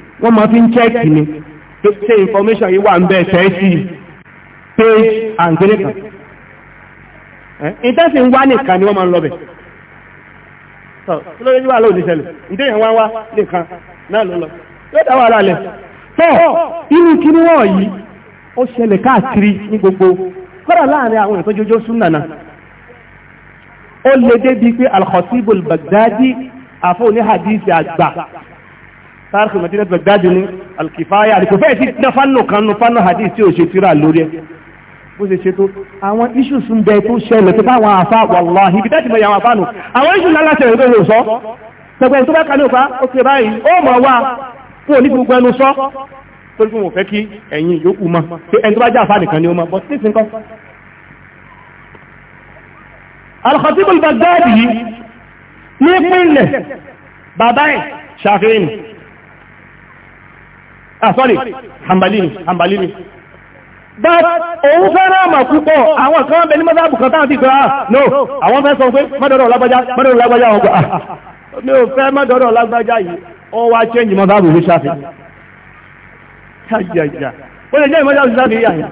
wọ́n máa fi ń chẹ́ẹ̀kì ni ṣe information yìí wà ń bẹ́ẹ̀ tẹ́ẹ̀sì page and clinic ìtẹ́sì ń wá nìkan ni wọ́n máa ń lọ́bẹ̀ kí ló dé wà lóòdì ṣẹlẹ̀ ìdíyàn wá wá nìkan náà ló lọ yóò dá wàhálà lẹ̀ tọ́ inú kíní wọ́n yìí ó ṣẹlẹ̀ káàkiri ní gbogbo kọ́dà láàrin àwọn ìtọ́jọ́jọ́ súnnàna ó lè débi pé al-Khatib al-Baghdadi àfọ́ oní hadith àgbà sáàrùkù mẹ́tẹ́lẹ́ tó gbájú ní alkifaya àdìkò fẹ́ẹ̀ tí ná fánù kan nu fánù hadith tí ò ṣe tíra lórí ẹ̀ bó ṣe ṣe tó àwọn issues ń bẹ tó ṣẹlẹ̀ tó báwọn àfa wàláhì ibi tẹ́tì mẹ́yà àwọn àfáànù àwọn issues ńlá ṣẹlẹ̀ tó lò sọ pẹ̀pẹ̀ tó bá kanú pa ó ti báyìí ó mọ̀ wá fún òní gbogbo ẹnu sọ tó fún òfẹ́ kí ẹ̀yin yòókù mọ̀ pé ẹni tó bá jẹ́ àfa nìkan ni ó mọ̀ but nísìn kan. alkhatibul baghdadi ní pínlẹ̀ bàbá ẹ̀ ah sorry hanbalini hanbalini but òun fẹ́ràn àmà púpọ̀ àwọn kan bẹ ní mọ́sáàbù kan táwọn ti gbà á ah, no àwọn fẹ́ sọ pé mọ́dọ̀rọ̀ lágbájá mọ́dọ̀rọ̀ lágbájá wọn gbà á mi ò fẹ́ mọ́dọ̀rọ̀ lágbájá yìí ó wá chẹ́ǹjì mọ́sáàbù ní ṣáfì ó lè jẹ́ ìmọ́sáàbù ṣáfì yà yà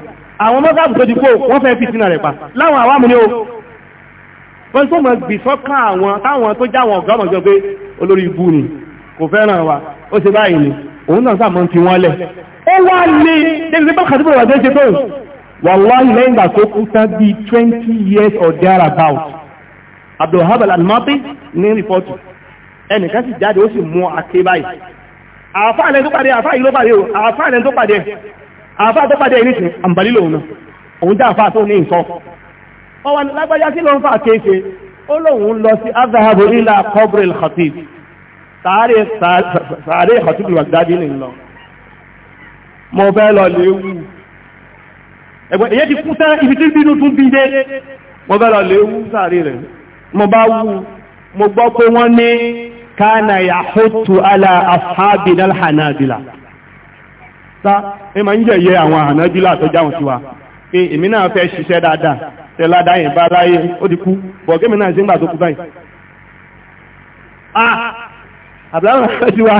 àwọn mọ́sáàbù tó ti kó wọ́n fẹ́ fìtínà rẹ̀ pa láwọn àwámu ni ó wọ́n tó mọ̀ gbì sọ́kà àwọn táwọn tó já wọn ọ̀gá ọmọ òun náà sáà mọ́ fi wọ́n lẹ̀ ó wá lé débi bá kàtúbọ̀ wà tẹ́ ṣe tó wàláhì lẹ́yìn ìgbà tó kú tán bí twenty years or thereabout abdulhab al-almati ní rìpọ́tù ẹnìkan sì jáde ó sì mú àké báyìí àáfàá lẹ́nu tó pàdé àáfàá yìí ló pàdé o àáfàá lẹ́nu tó pàdé àáfàá tó pàdé ní sìn àǹbálí lòun náà òun dá àáfàá tó ní nǹkan ọwọ́ lágbájá kí ló ń fà kéèṣe ó lóun lọ sí azahabu ila kọ́bùrẹ̀ khatib sáré sáré ìhọ̀túbù Baghdadi ni lọ mo fẹ́ lọ léwu ẹgbẹ́ èyí ti kú tán ibi tí bínú tún bí dé mo fẹ́ lọ léwu sáré rẹ̀ mo bá wú mo gbọ́ pé wọ́n ní kánà yàhótù alá afábìnà hanabila sá ẹ máa ń yẹ̀yẹ àwọn hanabila tó jáwọn tiwa pé èmi náà àbúláwọ̀ ti wá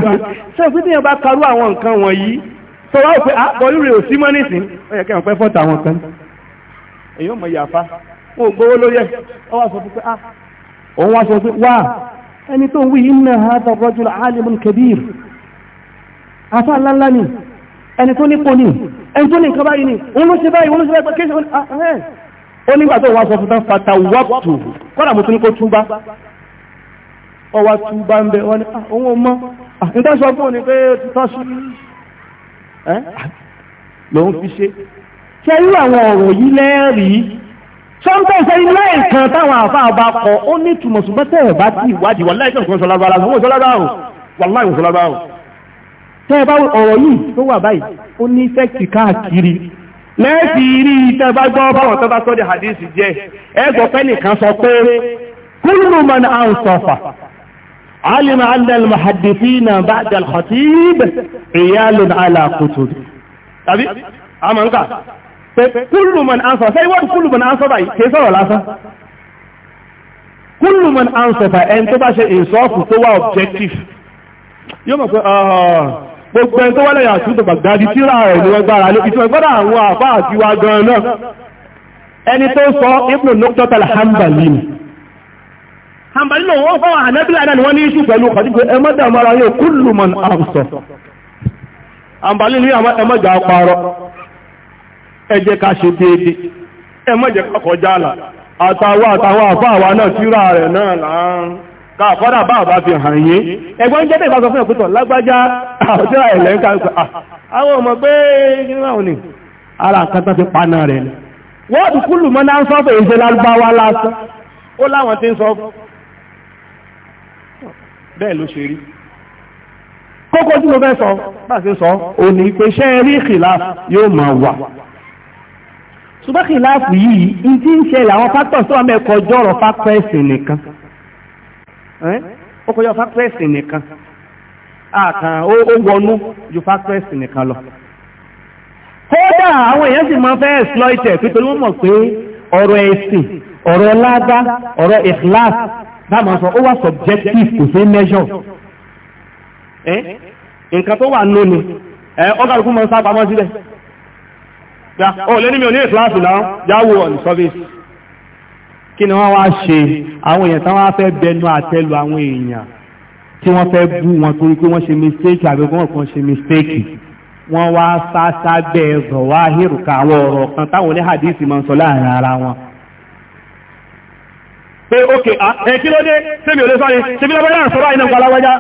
ṣe ìpín tí yẹn bá karú àwọn nǹkan wọ̀nyí tó wá pé àpọ̀lú ah, rẹ̀ ò sí mọ́ nísìn ó yẹ kẹ́hìn pẹ́ fọ́ta àwọn kan èyí ò mọ ìyàfa ó gbowó ló yẹ ó wá sọ pé ah òun wá sọ pé wá ni ẹni tó nípo ni ẹni tó ní nǹkan báyìí ni òun ló ṣe báyìí òun ló ṣe báyìí pé kí ah, eh. ó nígbà tó wá sọ fún tán fata wọ́pù kọ́dà mo ọwá tú bá ń bẹ wọ́n ní ohun ah, mọ́ àtúntàṣọ ah, fún ni pé ti tọ́ṣù ah, lòun fi ṣe ṣe irú àwọn ọ̀rọ̀ yìí lẹ́rìí sọ́ńtẹ̀sẹ̀ ilé nǹkan táwọn àfáà bá kọ ó ní túmọ̀ ṣùgbọ́n tẹ́ ẹ̀ bá ti ìwádìí wà láìsẹ̀ nǹkan sọlábà ara wọn sọlábà o wà láìsẹ̀ sọlábà o tẹ́ ẹ bá ọ̀rọ̀ yìí tó wà báyìí ó ní fẹ́ẹ̀tì káàkiri lẹ́ẹ̀sì rí tẹ́ bá gbọ́ báwọn tó bá sọ́ di hadith jẹ́ ẹ gbọ́ pẹ́ nìkan sọ pé kúlùmọ̀ ni ń sọ̀fà علم أن المحدثين بعد الخطيب عيال على كتب tàbí àmàǹkà كل من أنصف ṣe ìwọ́n كل من أنصف báyìí kìí sọ̀rọ̀ lásán كل من أنصف ẹn tó bá ṣe ìsọ́ọ̀fù tó wà objective yóò mọ̀ pé gbogbo ẹn tó wà lẹ́yìn àtúntò bàgbàdì tíra rẹ̀ ni wọ́n gbára lé ìtura gbọ́dọ̀ àwọn àbá àti wa gan-an náà ẹni tó sọ ibùdó nọ́kítọ́tà alhambali ni àǹbàní lòun wọ́n fáwọn ànẹ́bílà náà ni wọ́n ní iṣu pẹ̀lú mara yóò kúlù mọ̀ àwùsọ̀ àǹbàní ní ẹmọ́jà parọ́ ẹ ká ṣe déédé ẹmọ́jẹ̀ kọjá là àtàwọn àtàwọn àfáàwà náà tíra rẹ̀ náà láàrín káàkọ́dà bá àbá fi hàn yín ẹgbọ́n jẹ́ fi bẹ́ẹ̀ ló ṣe rí kókó tí mo fẹ́ sọ báṣe sọ òní pé iṣẹ́ rí khilaf yóò máa wà ṣùgbọ́n khilaf yìí n tí ń ṣẹlẹ̀ àwọn factors tó wà mẹ́kọ ọjọ́ ọ̀rọ̀ factors nìkan ó kọjọ́ factors nìkan àkàn ó wọnú ju factors nìkan lọ kódà àwọn èèyàn sì máa fẹ́ exploit ẹ̀ pé torí mọ̀ pé ọ̀rọ̀ ẹ̀sìn ọ̀rọ̀ ládá ọ̀rọ̀ ìkìláàsì dáàmà sọ ó wà subjective kò sí measure ẹ nǹkan tó wà nù ni ẹ ọgàlùkù mọ sábà mọ síbẹ̀ ya ọ lẹni mi ò ní ìfúláàsì náà yàwó ọ̀nì service kí ni wọ́n wá ṣe àwọn èèyàn táwọn á fẹ́ bẹnu àtẹ́lu àwọn èèyàn tí wọ́n fẹ́ bú wọn torí pé wọ́n ṣe mistake àbí wọ́n kàn ṣe mistake wọ́n wá sá sábẹ́ zọ̀wá hírùkà àwọn ọ̀rọ̀ kan táwọn oníhàdíìsì máa ń sọ láàrin ara wọn pé ókè ẹ̀kílódé tẹ́bí olè sọ́rin tẹ́bí lọ́bọ́dá sọ́rọ̀ àìnà gbalawaja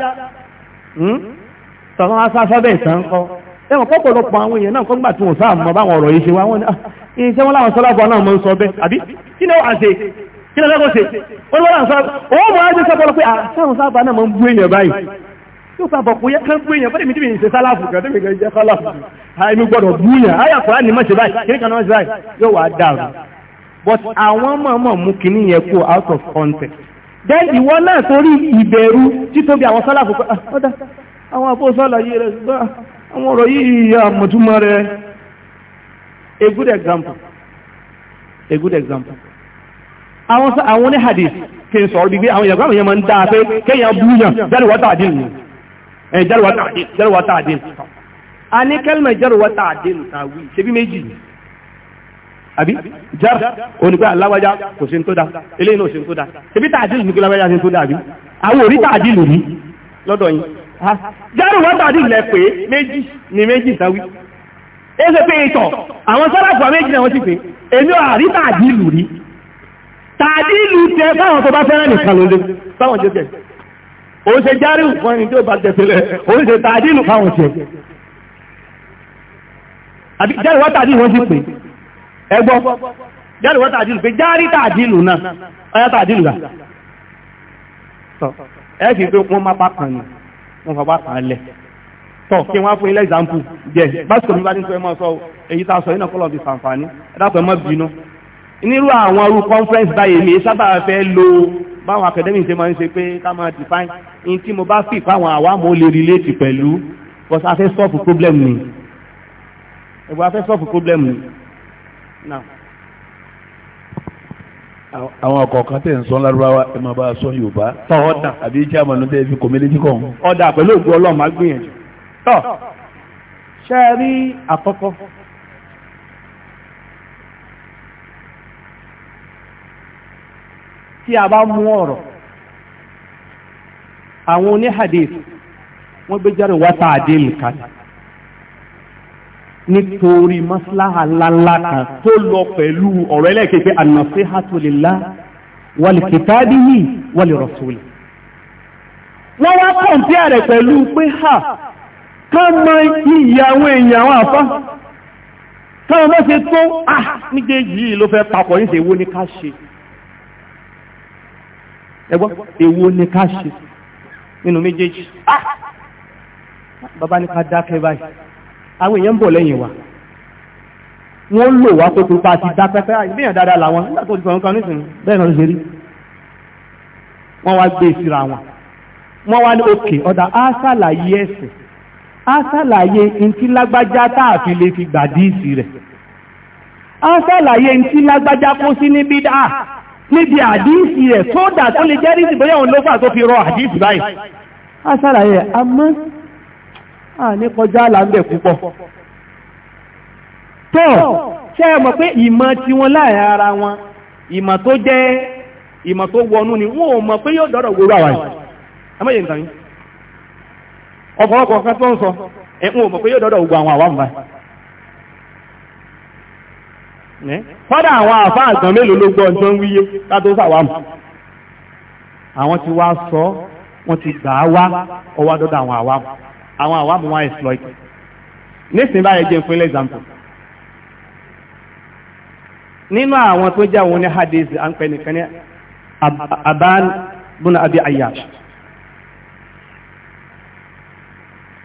sọ̀rọ̀ asáfẹ́bẹ̀ hmm? ìsàn kọ́ ẹwọ̀n pọ́pọ̀lọpọ̀ àwọn èèyàn náà kọ́gbà tí wọ́n sáà mọ̀ báwọn ọ̀rọ̀ yìí ṣe wá wọ́n ní ah, iṣẹ́ wọn láwọn sọ́lábọ̀ náà mọ́ sọ bẹ́ àbí kí ni wọ́n ṣe kí ni wọ́n ṣe wọ́n lọ́wọ́ sọ́ọ́ wọ́n mọ̀ ájẹ́ sọ́pọ̀lọ pé àṣàwọn ah, sábà náà mọ́ ń bú èèyàn báyìí yóò sábà kò yẹ kán bú èèyàn bẹ́ẹ̀ mi tí mi ṣe sálàfù kan tí mi jẹ́ sálàfù àìmí gbọ́dọ̀ bú èèyàn ayàkùnrin ni mọ̀ ṣe báyìí kí ni kan náà ṣe báyìí yóò wá dáa but àwọn mọ̀ọ́mọ̀ mú kinní yẹn out of context then ìwọ náà torí ìbẹ̀rù títóbi àwọn sọ́là fún ọ́dà ah, àwọn àbó sọ́là yìí rẹ̀ ṣùgbọ́n ah, àwọn ọ̀rọ̀ yìí rẹ̀ a good example a good example àwọn àwọn oníhadith kí n sọ̀rọ̀ bí gbé àwọn ìyàgbọ́n àwọn yẹn ń dáa pé kéèyàn àbí jar onígbà alágbájá kò sí tó da eléyìí náà ò sí tó da ebi tàdílù ní kí alágbájá sí tó da àbí àwọn orí tàdílù rí lọ́dọ̀ yín jaru wọn tàdílù lẹ pé méjì ni méjì sáwí ẹ ṣe pé ìtọ̀ àwọn sọ́làfù méjì náà wọ́n sì pé èmi ò àrí tàdílù rí tàdílù tẹ fáwọn tó bá fẹ́ràn nìkan ló lé fáwọn tó tẹ ó ṣe jaru wọn ni tó bá tẹ sílẹ̀ ó ṣe tàdílù fáwọn tẹ àbí jaru wọn tàdílù wọn sì pé ẹgbọ́ jáde wọ́n tàdílù pé járí tàdílù náà ọyá tàdílù rà tọ́ ẹ kì í pé wọ́n má pàkàn ni wọ́n fà pàkàn lẹ̀ tọ́ kí wọ́n á fún ilé ìzàmpù jẹ́ báṣkò mi bá ní sọ ẹ mọ́ sọ èyí tá a sọ yìí náà kọ́lọ̀ conference báyìí mi sábà fẹ́ lo báwọn academic ṣe máa ń ṣe pé ká máa define in tí mo bá fi fáwọn àwa mo lè relate pẹ̀lú because a fẹ́ solve problem ni ẹ̀bùn a fẹ́ solve problem ni àwọn ọ̀kọ̀ọ̀kan tẹ̀ ń sọ lárúbáwá ẹ máa bá a sọ yorùbá ọ̀dà àbí iṣẹ́ àmọ́nú tẹ́ fi kòmí létí kọ̀ ọ̀dà pẹ̀lú ògbó ọlọ́mà gbìyànjú tọ́ ṣe é rí àkọ́kọ́ tí a bá mú ọ̀rọ̀ àwọn oníhàdé wọ́n gbé jáde wá tá nítorí maslaha ńláńlá kan tó lọ pẹ̀lú ọ̀rọ̀ ẹlẹ́kẹ̀kẹ́ an-nasihatu lillah wal kitabihi wal rasuli. wọ́n wá kọ̀ǹtí ààrẹ pẹ̀lú pé ha ká mọ ìyàwó èèyàn àfá káwọn bá ṣe tó à ah, nígbè yìí ló fẹ́ papọ̀ ní èwo ni ká ṣe ẹgbọ́ èwo ni ká ṣe nínú méjèèjì ah, bàbá ní ká dákẹ́ báyìí àwọn èèyàn ń bọ̀ lẹ́yìn wa wọ́n lò wá tó kópa ti dá pẹ́pẹ́ àìbíyàn dáadáa làwọn nígbà tó ti sọ̀rọ̀ kan nísìnyí bẹ́ẹ̀ náà ṣe rí wọ́n wá gbé ìsira e wọn wọ́n wá ní òkè ọ̀dà á ṣàlàyé ẹ̀sìn á ṣàlàyé ntí lágbájá tá a fi lè fi gbàdíìsì rẹ̀ á ṣàlàyé ntí lágbájá kó sí níbí dáa níbi àdíìsì rẹ̀ tó dà tó lè jẹ́rìí ìbéyàwó ló fà tó fi rọ àdíìsì báyìí á ṣàlàyé àmọ́ ní kọjá àlà púpọ̀ tó ṣe mọ̀ pé ìmọ̀ tí wọ́n láàrin ara wọn ìmọ̀ tó jẹ́ ìmọ̀ tó wọnú ni wọ́n mọ̀ pé yóò dọ́rọ̀ gbogbo àwọn yìí yìí pé àwọn àfá mélòó ń ti wá sọ wọ́n ti gbà á wá àwọn àwa mú wọn exploit nísìnyí báyìí jẹ́ fún example nínú àwọn tó jẹ́ àwọn ní hadith à ń pẹ́ nìkan ní aban buna abi ayash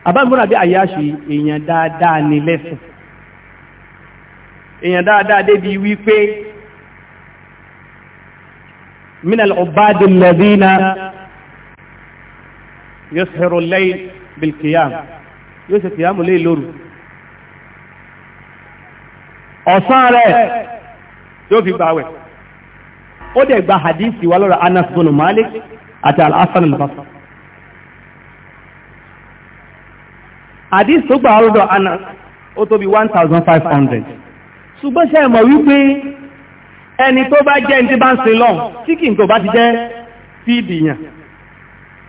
aban buna abi ayash èèyàn dáadáa ní lẹ́sìn èèyàn dáadáa débi wípé min al-ubadi alladhina yushiru al-layl bilkiyam yóò ṣe kìyàmù lé lóru ọ̀sán rẹ̀ yóò fi gbà wẹ̀ ó dẹ̀ gba hadithi wa lọ́rọ̀ anas bin malik àti al-hasan al-basri hadith tó gbà lọ́dọ̀ anas ó tó 1500 ṣùgbọ́n ṣe mọ̀ wípé ẹni tó bá jẹ́ ní tí bá ń sin lọ́n tí kì ń tó bá ti jẹ́ fídìyàn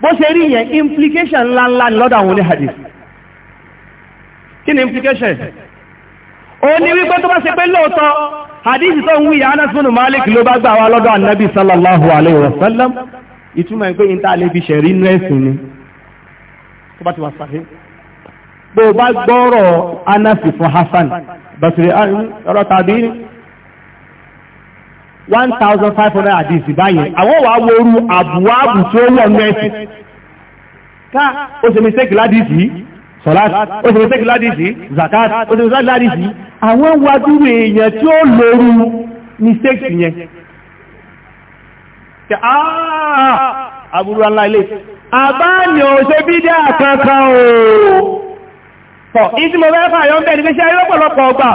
bó ṣe rí yẹn implication ńláńlá ni lọ́dọ̀ àwọn oníhadith kí ni implication ó ní wípé tó bá ṣe pé lóòótọ́ hadith tó ń wíyà Anas bin Malik ló bá gbà wá lọ́dọ̀ annabi sallallahu alayhi wa sallam ìtumọ̀ ẹ̀ pé yín tá a lè fi ṣẹ̀rí inú ẹ̀sìn ni tó bá ti wà sàhé bó bá gbọ́rọ̀ Anas fún Hasan Basri ah, ọ̀rọ̀ tàbí one thousand five hundred àdìsí báyìí àwọn wàá woru àbúwáàbù tí ó wọ̀ nẹ́ẹ̀sì ká ó ṣe mistake ládìsí sọ̀láàtì ó ṣe mistake ládìsí zakat ó ṣe mistake ládìsí àwọn wadúrò èèyàn tí ó lóru mistake yẹn ṣe àbúrò ńlá ilé àbáyọ̀ ṣe bídẹ́ àkankan ooo. pọ̀ ìdí mo fẹ́ fàyọ ń bẹ̀ ní fẹ́ṣẹ́ lọ́pọ̀lọpọ̀ ọgbà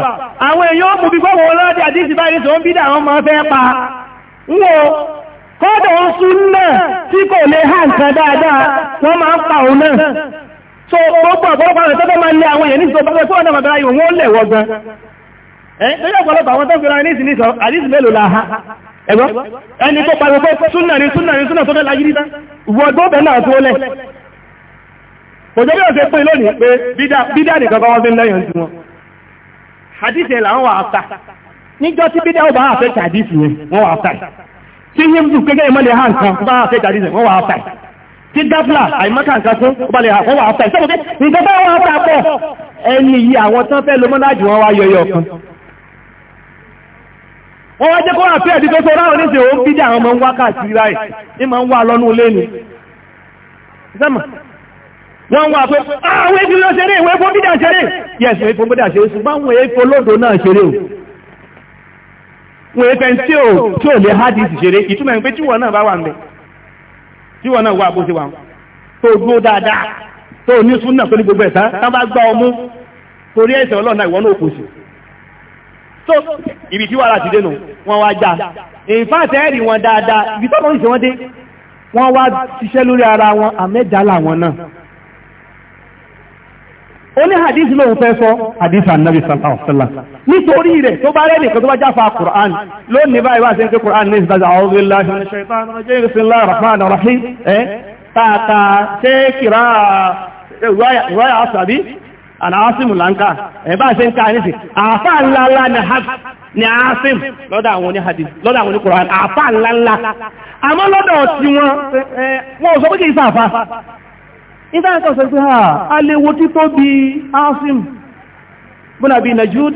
àwọn èèyàn mú bí gbọ́wọ́ lọ́dí àdíṣì báyìí tó ń bí dàwọn máa fẹ́ pa wò kọ́dọ̀ sún náà tí kò lè há nǹkan dáadáa wọ́n máa ń pa òun náà so gbogbo ọ̀pọ̀lọpọ̀ àwọn ìtọ́jọ́ máa lé àwọn èèyàn ní ha kòjọ́ bí ó ṣe pín lónìí pé bídá nìkan kọ́wọ́ bí lẹ́yìn tí wọn hadith yẹn làwọn wà áfà níjọ́ tí bídá ó bá àfẹ́ hadith yẹn wọ́n wà áfà tí yíyú gẹ́gẹ́ ìmọ̀lẹ̀ hàn kan bá àfẹ́ hadith yẹn wọ́n wà áfà tí dáflà àìmọ́kà nǹkan fún ó bá lè hàn wọ́n wà áfà ìṣẹ́gun pé nǹkan bá wà áfà pọ̀ ẹni yìí àwọn tán fẹ́ lomọ́ láàjù wọn wá yọyọ kan wọ́n wá jẹ́ kó wà fẹ́ẹ̀ dídó sọ́rọ́ àwọn oníṣẹ́ òun bídá àwọn ọmọ ń wá káàkiri báyìí ní máa ń wá lọ́nú wọ́n wà pé ah, àwọn èdè ló ṣeré ìwé fún bídà ṣeré yes ìwé fún bídà ṣeré ṣùgbọ́n àwọn èèfò lódò náà ṣeré o wọ́n èèfẹ́ tí ò tí ò lè hádìsì ṣeré ìtumọ̀ ẹ̀ pé tíwọ̀ náà bá wà mẹ́ tíwọ̀ náà wà bó ṣe wà tó dúró dáadáa tó ní súnà tó ní gbogbo ẹ̀sá tá bá gbá ọmú torí ẹ̀sẹ̀ ọlọ́run ìwọ náà kò sí so ibi tí wàhálà ti dé nù wọ́n wá já ìfáàtẹ́ ẹ̀rì wọn dáadáa ibi tó lọ́n ṣe wọ́n dé wọ́n wá ṣiṣẹ́ lórí ara wọn àmẹ́jà làwọn náà oní ní hadith lóhun fẹ́ sọ hadith annabi sallallahu alaihi wasallam nítorí rẹ̀ tó bá rẹ̀ nìkan tó bá jáfa quran lónìí báyìí wá sí ń quran ní ìsìlájà àwọn ọ̀gbìnlá ṣe ṣaitan rajim bismillahir rahmanir rahim ẹ́ tààtà asim lanka ẹ̀ bá ṣe ń ká ní àfà ńláńlá ní asim lọ́dọ̀ àwọn ní hadith lọ́dọ̀ àwọn quran ńláńlá àmọ́ lọ́dọ̀ sọ pé kì í ìtàkà sọ pé ha ah, aléwo tító bí asim bọ́nà bí najud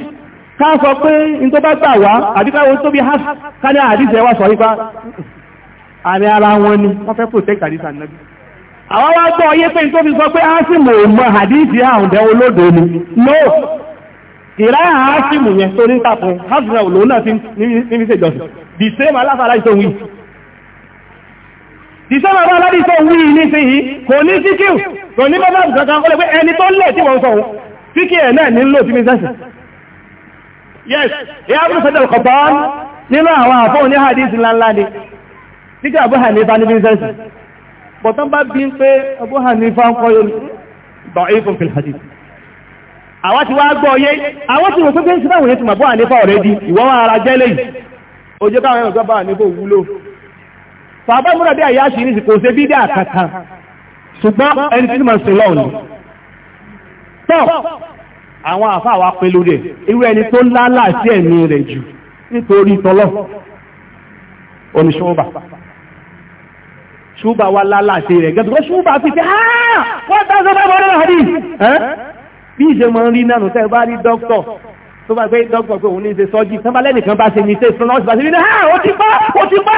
ká sọ pé in tó bá gbà wá àbíkáwò tó bí has ká ní àdíṣẹ́ wá sọ wípá àmì ara wọn ni wọ́n fẹ́ protect àdíṣà náà àwọn wá gbọ́ ọyé pé tó fi sọ pé asim ò mọ àdíṣẹ́ àwùdẹ olódo ni no ìrá asim yẹn tó ní tàkùn hasbro lòun náà ti ní fi ṣèjọsìn the same aláfàlá ìṣòwò yìí ìṣọ́nà bá aládìí sọ wí ní sí yìí kò ní síkíù kò ní bọ́bá kankan ó lè pé ẹni tó lẹ̀ tí wọ́n sọ ohun síkí ẹ̀ náà ní lò tí mi sẹ́sì yes ìyá abúrú sẹ́dẹ̀ kọ̀pọ̀ nínú àwọn àfọ́ ní hadith ńláńlá ni títí Abu Hanifa ní bíńsẹ́sì bọ̀tán bá bí ń pé Abu Hanifa ń kọ́ yóò da'ifun fil hadith àwọn ti wá gbọ́ yé àwọn ti rò pé pé ń sọ báwọn yẹn ti mọ̀ Abu Hanifa ọ̀rẹ́dì ara jẹ́lẹ̀ yìí ó káwọn ẹ̀rọ bàbá múra bí àyà ṣì ní sí kò ṣe bí dáa kankan ṣùgbọ́n ẹni tí mo ṣe lọ́wọ́ ni tọ́ àwọn àfa wa pé lórí ẹ̀ irú ẹni tó lálà sí ẹ̀mí rẹ̀ jù nítorí tọ́lọ́ oníṣòwò bàbá ṣúbà wà lálàṣe rẹ̀ gẹ́gẹ́ tó ṣúbà fi ṣe àà wọ́n tàbí ọmọ ọmọ ọmọ bí ìṣe mọ̀ rí náà tẹ́ bá rí dókítọ̀ tó bá gbé dókítọ̀ pé òun ní ṣe sọ́jì tán bá lẹ́nìkan bá ṣe ní ṣe sọ́nà ọ̀sìn bá ṣe rí náà ó ti bá ó ti bá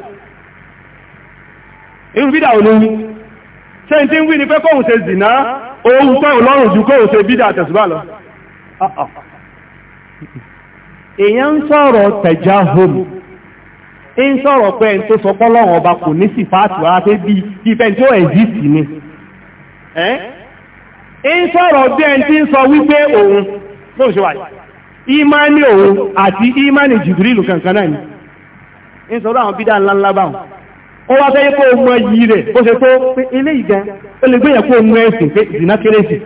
irú bídà olóyún ṣe n tí ń wí ni pé kóhùn ṣe zìnà ohun tó lọ́rùn ju kóhùn ṣe bídà tẹ̀sùbà lọ èèyàn ń sọ̀rọ̀ tẹ̀já home ń sọ̀rọ̀ pé ẹni tó sọ pọ́lọ́run ọba kò ní sì fáàtù ara pé bí ìfẹ́ tí ó exist ni ń sọ̀rọ̀ bí ẹni tí ń sọ wípé òun ló ń ṣe wáyé ìmánì òun àti ìmánì jìbìrìlù kankan náà ni ń sọ̀rọ̀ àwọn bídà ńláńlá báwọn ó wá fẹ́ kó mọ yìí rẹ̀ bó ṣe tó pé ilé ìgá ó lè gbéyàn kó mọ ẹ̀sìn pé ìdìná kérésì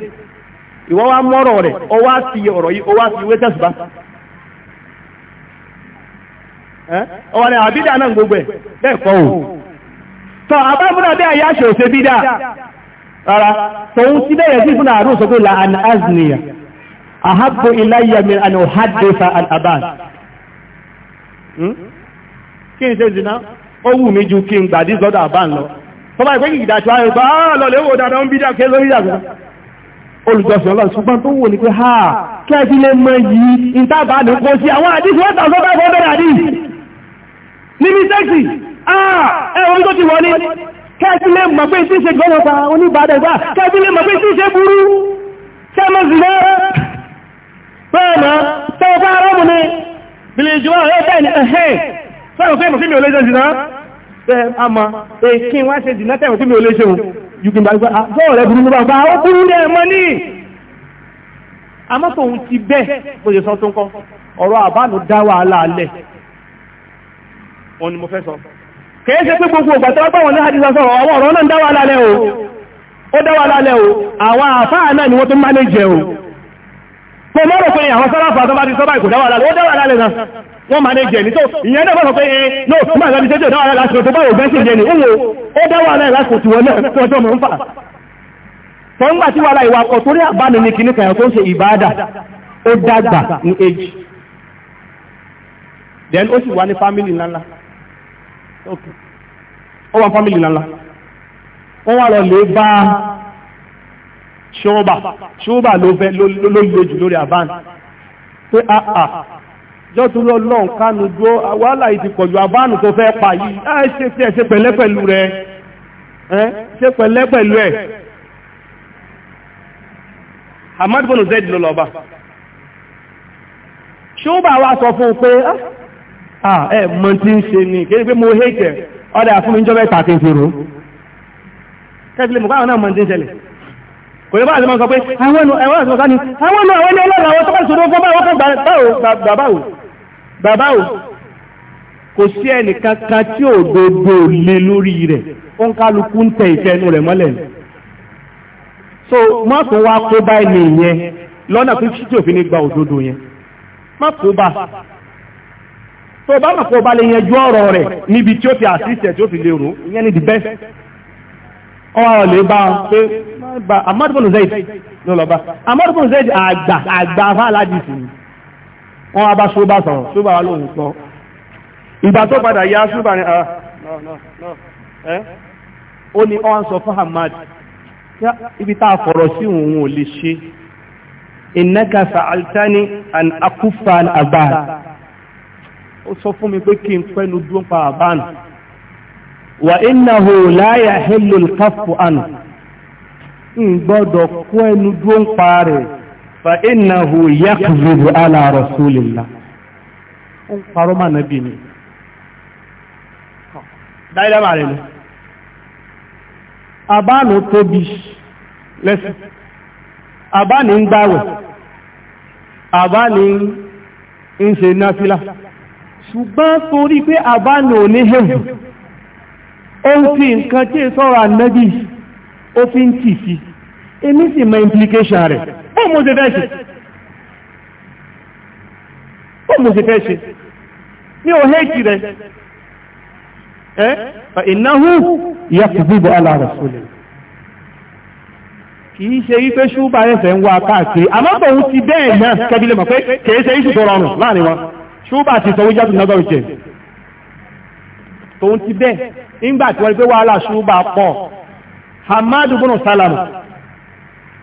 ìwọ wá mọ́rọ̀ rẹ̀ ó wá sí ọ̀rọ̀ yìí ó wá sí ìwé tẹ̀sùbá ọwọ́ ni àbídà náà gbogbo ẹ̀ bẹ́ẹ̀ kọ́ ò tọ́ àbábúrà bẹ́ẹ̀ yá ṣe òṣè bídà rárá tòun sí bẹ́ẹ̀ sí fún àrùn la an azniya ahabbu ilayya min an uhaddisa al aban hmm? kí ni ṣe zina ó wù mí ju kí n gbàdí sọ́dọ̀ àbá ń lọ tó bá ìpé kìkìdá tí wáyé bá ah, lọ́lẹ̀ wò dáadáa ń bí dá ké lórí ìyàgbọ́ olùjọsìn ọlọ́run ṣùgbọ́n tó wò ní pé ha kí ẹ fi lè mọ yìí ìtàbà ní kó sí àwọn àdìsí wọ́n tàn sọ́dọ̀ àbọ̀ bẹ̀rẹ̀ àdìsí ní mistake ah ẹ̀rọ tó ti wọlé kí ẹ fi lè mọ̀ pé tí ṣe gọ́lọ́ta oníbàdàn gbà kí ẹ fi lè mọ̀ pé tí ṣe burú sẹ́mọ̀ sí lọ́rọ́ pẹ́ẹ̀mọ́ tẹ́wọ́ bá rọ́mù ni bìlì ìjọba ọ̀rẹ́ bẹ́ẹ̀ ni ẹ̀hẹ́ fẹ́ràn fẹ́ràn fẹ́mi olójọ́ sí náà bẹ́ẹ̀ a ma èkí wá ṣe dìnnà tẹ̀wọ̀n tí mi ò lè ṣe òun yùgbìn gbàgbà ah, àgọ́ rẹ̀ burú ní bàbá ó burú ní ẹ̀mọ́ ní àmọ́ tòun ti bẹ́ẹ̀ bó ṣe sọ tó ń kọ́ ọ̀rọ̀ àbánu dá wàhálà alẹ̀ òun ni mo fẹ́ sọ kìí ṣe pé gbogbo ìgbà tó wá pàwọn náà ti sọ sọ̀rọ̀ àwọn ọ̀rọ̀ náà dá wàhálà alẹ̀ o ó dá wàhálà alẹ̀ o àwọn àfáà náà ni wọ́n tó mánéjẹ o mo mọ́rọ̀ pé àwọn sọ́lá wọ́n máa jẹ́ ní tó ìyẹn náà bọ́sọ̀ pé ẹ eh, no máa lọ́dí tó dáwà lásìkò tó owó ó dáwà láì náà tó ọjọ́ mọ̀ ń fà tó ń wà láì wà torí àbánu ní kan tó ń ṣe ìbáadà ó dàgbà ní ó sì wà ní fámìlì ńláńlá ó wà fámìlì ńláńlá wọ́n wà lọ bá ṣọ́ọ̀bà ṣọ́ọ̀bà ló jọ́tún lọ́lọ́n kánu dúró wàhálà yìí ti pọ̀jù àbánù tó fẹ́ pa yìí ẹ ṣe tí ẹ ṣe pẹ̀lẹ́ pẹ̀lú rẹ ẹ ṣe pẹ̀lẹ́ pẹ̀lú ẹ. Ahmad bonu zed ló lọ́ba ṣé ó bá wa sọ fún un pé ah, ah, ẹ mọ tí ń ṣe ni kí ni pé mo hẹ́kẹ̀ ọ̀dà àfúnmi jọ́ bẹ́ẹ̀ tàkì ìṣòro kẹ́sìlẹ̀ mọ̀ káwọn náà mọ tí ń ṣẹlẹ̀ kò ní bá àti máa sọ pé àwọn ẹ̀wọ̀n àti mọ̀ká ni àwọn ẹ̀wọ̀n ni ọlọ́run àwọn tó bá ìṣòro fún báwọn kan gbà báwo bàbá o kò sí ẹnìkan kan tí òdodo lé lórí rẹ̀ ó ń kálukú ń tẹ ìfẹ́ inú rẹ̀ ni so má tún wá kó bá ẹni yẹn lọ́nà tó ṣí tí òfin ní gba òdodo yẹn má kó bá tó bá kó bá lè yanjú ọ̀rọ̀ rẹ̀ níbi tí ó fi àṣìṣe tí ó fi lè rò ìyẹn ni the best ọ̀rọ̀ lè bá pé amadu bin Zaid ló lọ bá Ahmad bin Zaid àgbà àgbà fáwọn aládìsí ni wọ́n wá bá ṣóbà sọ̀rọ̀ ṣóbà wá lóhùn pọ̀ ìgbà tó padà yá ṣóbà ni ah. eh? ó ní ọ́n sọ fún Hamad ibi tá a fọ̀rọ̀ sí òun ò lè ṣe ìnáka sàáltání an akúfàn àbáà ó sọ fún mi pé kí n pẹ́nu dún pa àbáà wà ináhù láyà hìlùl káfù ń gbọ́dọ̀ kó ẹnu dún pa rẹ̀ fa innahu yakzibu ala rasulillah ń parọ́ mà nàbì ni dáidáma rẹ̀ ni àbánu tóbi lẹ́sìn àbáni ń gbáwẹ̀ àbáni ń ṣe náfílà ṣùgbọ́n torí pé àbáni ò ní hẹ́wù ó ń fi nǹkan tí sọ́rọ̀ ànábì ó fi ń tì èmi sì mọ implication rẹ̀ ó mo ṣe fẹ́ ṣe ó mo ṣe fẹ́ ṣe mi ò hẹ́ẹ̀tì rẹ̀ ẹ́ fa ìnáhù yaqdibu ala rasuli kìí ṣe wípé ṣúbà ẹsẹ̀ ń wá káàkiri àmọ́ tòun ti bẹ́ẹ̀ náà kẹbílẹ̀ mọ̀ pé kìí ṣe iṣu tó rọrùn láàrin wọn ṣúbà ti sọ wíjọ́ tún lọ́gọ́rùn jẹ tòun ti bẹ́ẹ̀ nígbà tí wọ́n rí pé wàhálà ṣúbà pọ̀ Hamadu bùnú sálàmù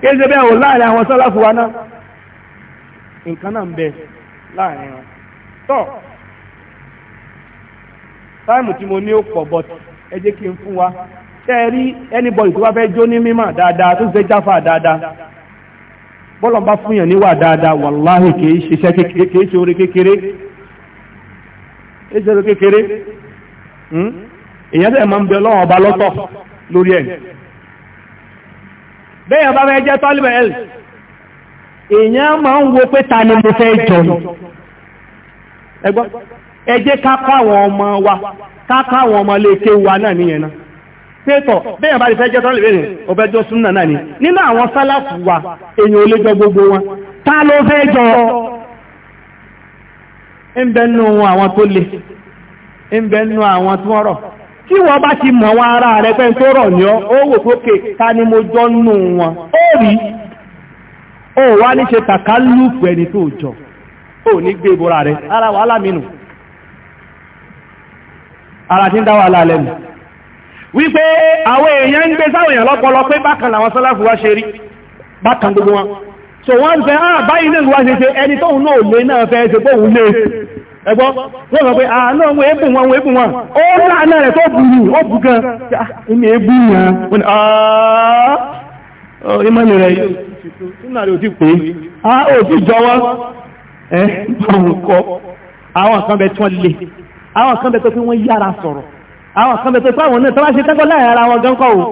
kéèsè bẹ́ẹ̀ wò láàrin àwọn wa náà nǹkan náà ń bẹ láàrin wọn tọ́ táìmù tí mo ní ó pọ̀ bọ́t ẹ kí n fún wa tẹ́ rí anybody tó bá fẹ́ jó ní mímọ̀ dáadáa tó fẹ́ jáfà dáadáa bọ́lọ̀ bá fún yàn níwà dáadáa wàláhì kìí hmm? ọba lọtọ bẹ́yàn bá fẹ́ jẹ́ tọ́lìbẹ̀ ẹ̀lì èyàn máa ń wo pé ta ni mo fẹ́ jọ ẹ jẹ́ kápá àwọn ọmọ wa kápá àwọn ọmọ lè ké wa náà nìyẹn náà pétọ̀ bẹ́yàn bá fẹ́ jẹ́ tọ́lìbẹ̀ ẹ̀lì ọbẹ̀ jọ súnà náà ni nínú àwọn sálàfù wa èyàn ò lè jọ gbogbo wọn ta ló fẹ́ jọ ń bẹ́nu àwọn tó le ń bẹ́nu àwọn tó rọ̀ tí wọ́n bá ti mọ̀ wọn ara rẹ̀ pẹ́ tó rọ̀ ní ọ́ ó wò sókè ká ní mo jọ nù wọn ó rí ó wá ní ṣe tàkà lùpù ẹni tó jọ ó ní gbé ìbora rẹ̀ ara wàhálà mínú ara ti ń dá wàhálà wípé àwọn èèyàn ń gbé sáwọn èèyàn lọ́pọlọ pé bákan làwọn sọ́láfù wá ṣe rí bákan gbogbo wọn so wọ́n ń fẹ́ ah báyìí náà wá ṣe ṣe ẹni ẹgbọ́ wọ́n sọ pé àánà ah, wọn ébù wọn wọn ébù wọn ó láàánà rẹ̀ tó bùrù ó bù gan ah, ní ébù yàn ah, wọn àà ìmọ̀nì rẹ̀ àwọn kan bẹ̀ tó pàwọn náà tọ́wá ṣe tẹ́gbọ́ láàrin ara wọn gánkọ́ ò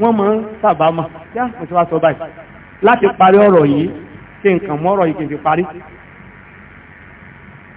wọ́n mọ̀ ń sàbámà yá mọ̀ tí wá sọ báyìí láti parí ọ̀rọ̀ yìí kí nǹkan mọ́rọ̀ yìí kí n fi parí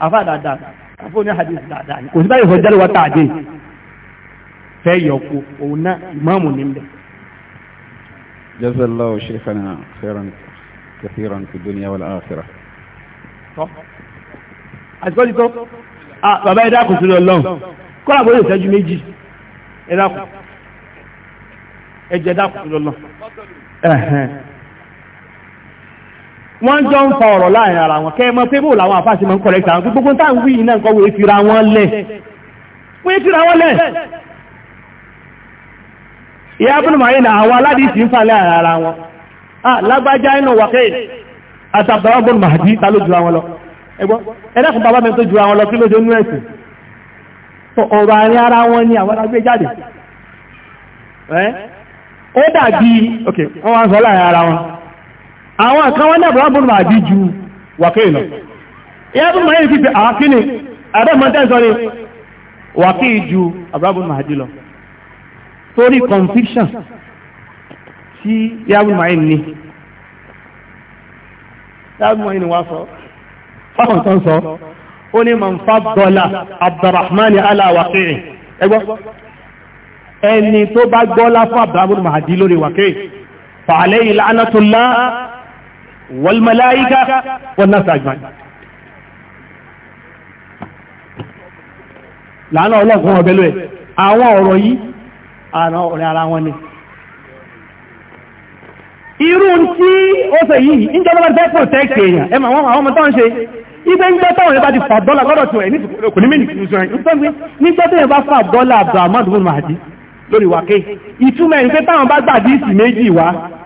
àfa dáadáa àfọ ní hadith dáadáa kò sí báyìí fọjá lọ́wọ́ tààdé fẹ́ yọkù òun náà ìmáàmù ní bẹ̀. jazakallahu shaykhana khairan kathiran fi dunya wal akhirah. tọ́ àti kọ́jú tó bàbá ẹ̀dá kò sí lọ́lọ́run kọ́ àbúrò ìṣẹ́jú méjì ẹ̀dá kò ẹ̀jẹ̀ ẹ̀dá sí lọ́lọ́run wọ́n jọ ń fa ọ̀rọ̀ láàrin ara wọn kẹ́ẹ̀mọ́ pé bó làwọn àfáàsì mọ́ ń kọ̀rẹ́kì àwọn gbogbo tá ń wí iná nǹkan wòye fira wọn lẹ̀ wòye fira wọn lẹ̀ ìyá abúlé màáyé na àwọn aládìsí ń falẹ̀ ara wọn lágbájá inú wàkẹ́ àtàbàwọ̀ bọ́ọ̀lù màájí ta ló jura wọn lọ ẹgbọ́ ẹ̀dẹ́kùn bàbá mi tó jura wọn lọ kí ló dé nú ẹ̀sìn ọ̀rọ̀ àárín ara wọn ni àwọn agbé jáde ó dàbí ok wọ́n wá ń sọ láàrin ara wọn àwọn kan wọ́n dábọ̀ rábùn máa jí ju wàkíì lọ ìyábùn máa yìí fífi àákíní àbẹ́mọ̀tẹ́sọ ni wàkíì ju àbúrábùn máa jí lọ torí conviction tí ìyábùn máa yìí ní ìyábùn máa yìí ni wá sọ fáwọn tó ń sọ ó ní man faddala Abdurrahman ala wàkíì ẹgbọ́ ẹni tó bá gbọ́lá fún àbúrábùn máa lórí wàkíì fàálẹ́ ìlànà tó lá والملائكة والناس أجمعين làánà ọlọ́gbọ́n ọ̀bẹ̀lú ẹ̀ àwọn ọ̀rọ̀ yìí àrà ọ̀rẹ́ ara wọn ni irú tí ó fẹ̀ yìí ìjọba bá fẹ́ protect èèyàn ẹmà wọn àwọn ọmọ tó ń ṣe ibẹ̀ ń gbẹ́tọ̀ rẹ̀ bá ti fà dọ́là lọ́dọ̀ tí ẹ̀ kò ní mìíràn ìṣòro ìpínlẹ̀ nígbà tó yẹn bá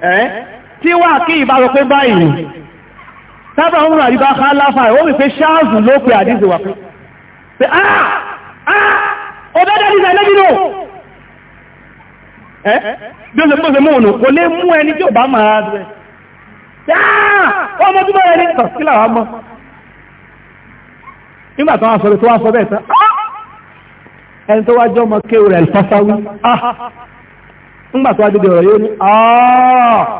fà tí wà kí ìbára pé báyìí tábà ń rà ìbá ká láfà ẹ̀ ó wípé ṣáàzù ló pe àdíze wà pé pé ah ah ó bẹ́ dáadé ìzẹ̀ lẹ́bí náà ẹ́ bí ó ṣe pọ́sẹ̀ mọ́ ònà kò lè mú ẹni tí ò bá máa rẹ̀ ah ọmọ tó bẹ̀rẹ̀ ní tọ̀sílà wà mọ́ nígbà tó wá sọ tó wá sọ bẹ́ẹ̀ tán ẹni tó wá jọ ọmọ kéwù rẹ̀ fásáwí ah nígbà tó wá dédé ọ̀rọ̀ yóò ní ah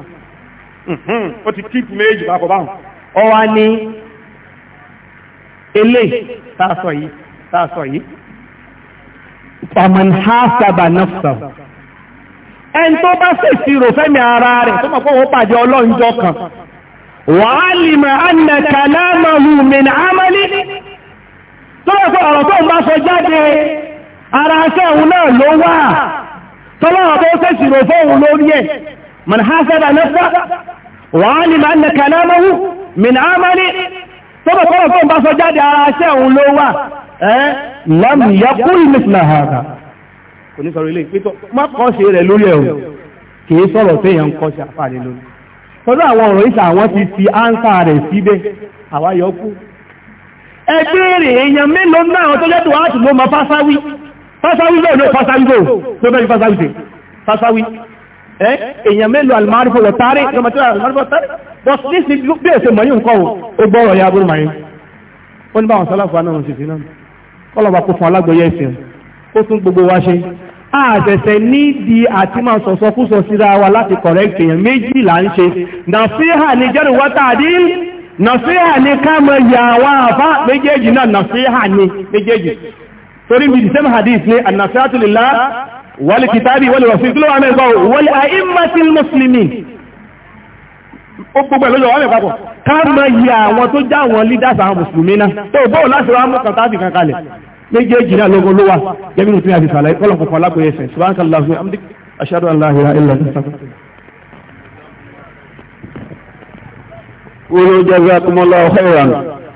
Mhm. ó ti kíkù méjì bá ọ wá ní ilé tààsọ yìí tààsọ yìí ha sábà nafsa ẹni tó bá ofe fẹ́mi ara rẹ̀ tó mọ̀ pé pàdé ọlọ́njọ́ kan wàálìmà ánà kàlámàhù min amali tó bá ọ̀rọ̀ tó ń bá sọ jáde ara sẹ́hun náà ló wà tọ́lọ́wọ́ ṣèṣirò fóun ha sábà وعلم أن كلامه من عمله طبعا طبعا طبعا بصجاد على شيء لو لم يقل مثل هذا kò ní sọ̀rọ̀ ilé ìpítọ̀ má kọ́ ṣe rẹ̀ lórí ẹ̀rùn kì í sọ̀rọ̀ tí èyàn ń kọ́ ṣe àfààní lórí tọ́lú àwọn ọ̀rọ̀ ìṣà àwọn ti fi áńsà rẹ̀ síbẹ̀ àwáyọ kú tó lẹ́tọ̀ láti ló mọ Eh? èèyàn mélòó alimárifo wọ tari lọmọtí alimárifo wọ tari bọ sísì bí èsè mọyì nǹkan o ó gbọ́ ọ̀rọ̀ ya aburú mọyì ó ní báwọn sọlá fún anáwọn sì fi náà kọlọba kó fún alágbèyẹ ẹsẹ ó tún gbogbo wa ṣe àṣẹ̀ṣẹ̀ nídìí àti máa sọsọ fún sọ síra wa láti correct èèyàn méjì là ń ṣe nàfíhà ni jẹrù wọta àdín wal kitabi wal rasul kíló wà mẹ́gbọ́ wal a'immatil muslimin ó gbogbo ẹ̀ lójọ́ wà mẹ́pàpọ̀ ká mọ iye àwọn tó já àwọn leaders àwọn mùsùlùmí náà tó bóò láti wá mú kàtàbí kankalẹ̀ méjèèjì náà lógo ló wà gẹ́gẹ́ bí tí sàlàyé kọ́lọ̀ kọ̀kọ́ alákòye ẹsẹ̀